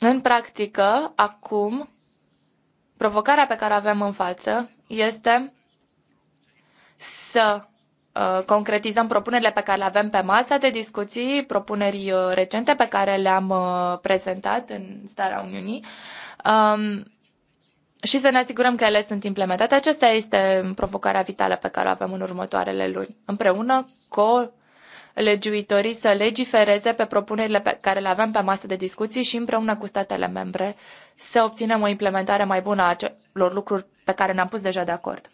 în practică, acum, provocarea pe care o avem în față este să uh, concretizăm propunerile pe care le avem pe masa de discuții, propuneri uh, recente pe care le-am uh, prezentat în starea Uniunii. Um, și să ne asigurăm că ele sunt implementate. Aceasta este provocarea vitală pe care o avem în următoarele luni. Împreună cu legiuitorii să legifereze pe propunerile pe care le avem pe masă de discuții și împreună cu statele membre să obținem o implementare mai bună a acelor lucruri pe care ne-am pus deja de acord.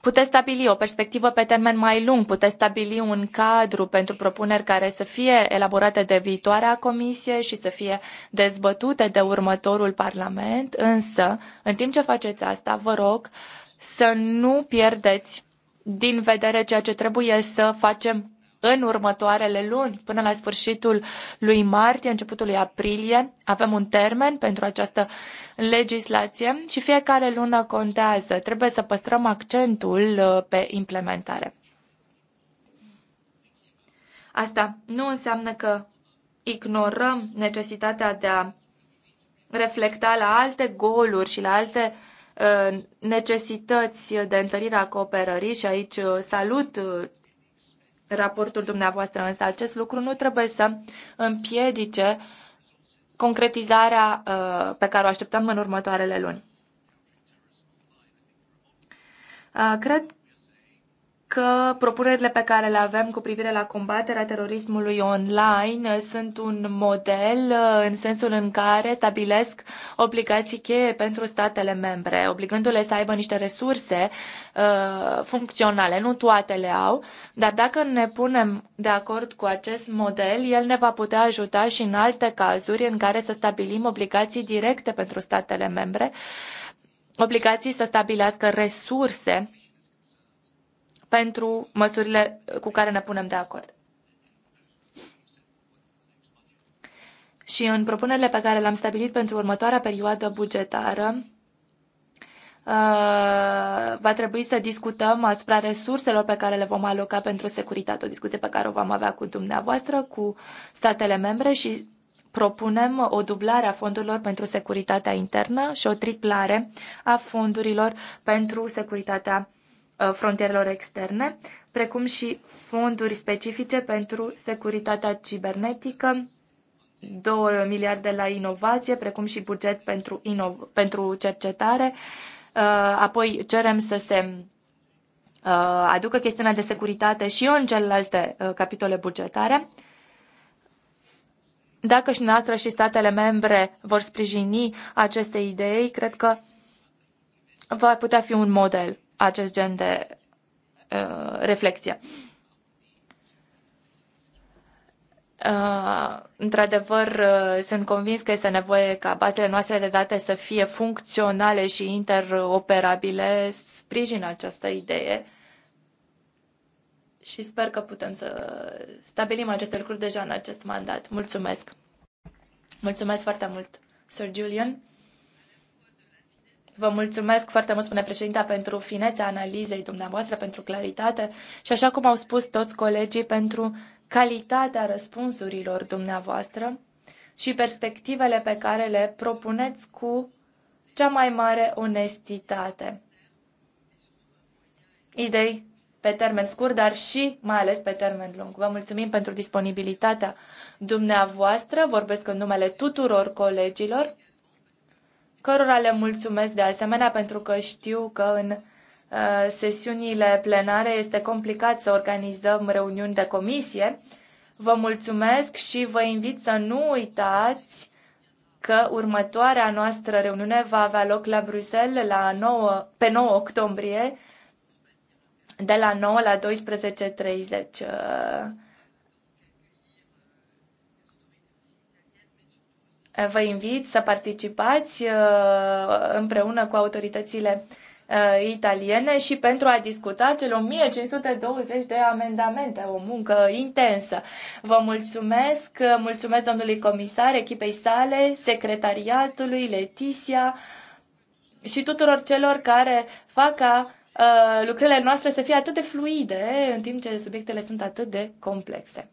Puteți stabili o perspectivă pe termen mai lung, puteți stabili un cadru pentru propuneri care să fie elaborate de viitoarea comisie și să fie dezbătute de următorul Parlament, însă, în timp ce faceți asta, vă rog să nu pierdeți din vedere ceea ce trebuie să facem în următoarele luni, până la sfârșitul lui martie, începutul lui aprilie, avem un termen pentru această legislație și fiecare lună contează. Trebuie să păstrăm accentul uh, pe implementare. Asta nu înseamnă că ignorăm necesitatea de a reflecta la alte goluri și la alte uh, necesități de întărire a cooperării și aici uh, salut raportul dumneavoastră, însă acest lucru nu trebuie să împiedice concretizarea uh, pe care o așteptăm în următoarele luni. Uh, cred că propunerile pe care le avem cu privire la combaterea terorismului online sunt un model uh, în sensul în care stabilesc obligații cheie pentru statele membre, obligându-le să aibă niște resurse uh, funcționale. Nu toate le au, dar dacă ne punem de acord cu acest model, el ne va putea ajuta și în alte cazuri în care să stabilim obligații directe pentru statele membre, obligații să stabilească resurse pentru măsurile cu care ne punem de acord. Și în propunerile pe care le-am stabilit pentru următoarea perioadă bugetară, uh, va trebui să discutăm asupra resurselor pe care le vom aloca pentru securitate, o discuție pe care o vom avea cu dumneavoastră, cu statele membre și propunem o dublare a fondurilor pentru securitatea internă și o triplare a fondurilor pentru securitatea Uh, frontierelor externe, precum și fonduri specifice pentru securitatea cibernetică, 2 miliarde la inovație, precum și buget pentru, inov- pentru cercetare. Uh, apoi cerem să se uh, aducă chestiunea de securitate și în celelalte capitole bugetare. Dacă și noastră și statele membre vor sprijini aceste idei, cred că va putea fi un model acest gen de uh, reflexie. Uh, într-adevăr, uh, sunt convins că este nevoie ca bazele noastre de date să fie funcționale și interoperabile. Sprijin această idee și sper că putem să stabilim aceste lucruri deja în acest mandat. Mulțumesc! Mulțumesc foarte mult, Sir Julian! Vă mulțumesc foarte mult, spune președinta, pentru finețea analizei dumneavoastră, pentru claritate și, așa cum au spus toți colegii, pentru calitatea răspunsurilor dumneavoastră și perspectivele pe care le propuneți cu cea mai mare onestitate. Idei pe termen scurt, dar și mai ales pe termen lung. Vă mulțumim pentru disponibilitatea dumneavoastră, vorbesc în numele tuturor colegilor cărora le mulțumesc de asemenea pentru că știu că în uh, sesiunile plenare este complicat să organizăm reuniuni de comisie. Vă mulțumesc și vă invit să nu uitați că următoarea noastră reuniune va avea loc la Bruxelles la 9, pe 9 octombrie de la 9 la 12.30. Vă invit să participați uh, împreună cu autoritățile uh, italiene și pentru a discuta cele 1520 de amendamente, o muncă intensă. Vă mulțumesc, uh, mulțumesc domnului comisar, echipei sale, secretariatului, Letizia și tuturor celor care fac ca lucrările noastre să fie atât de fluide în timp ce subiectele sunt atât de complexe.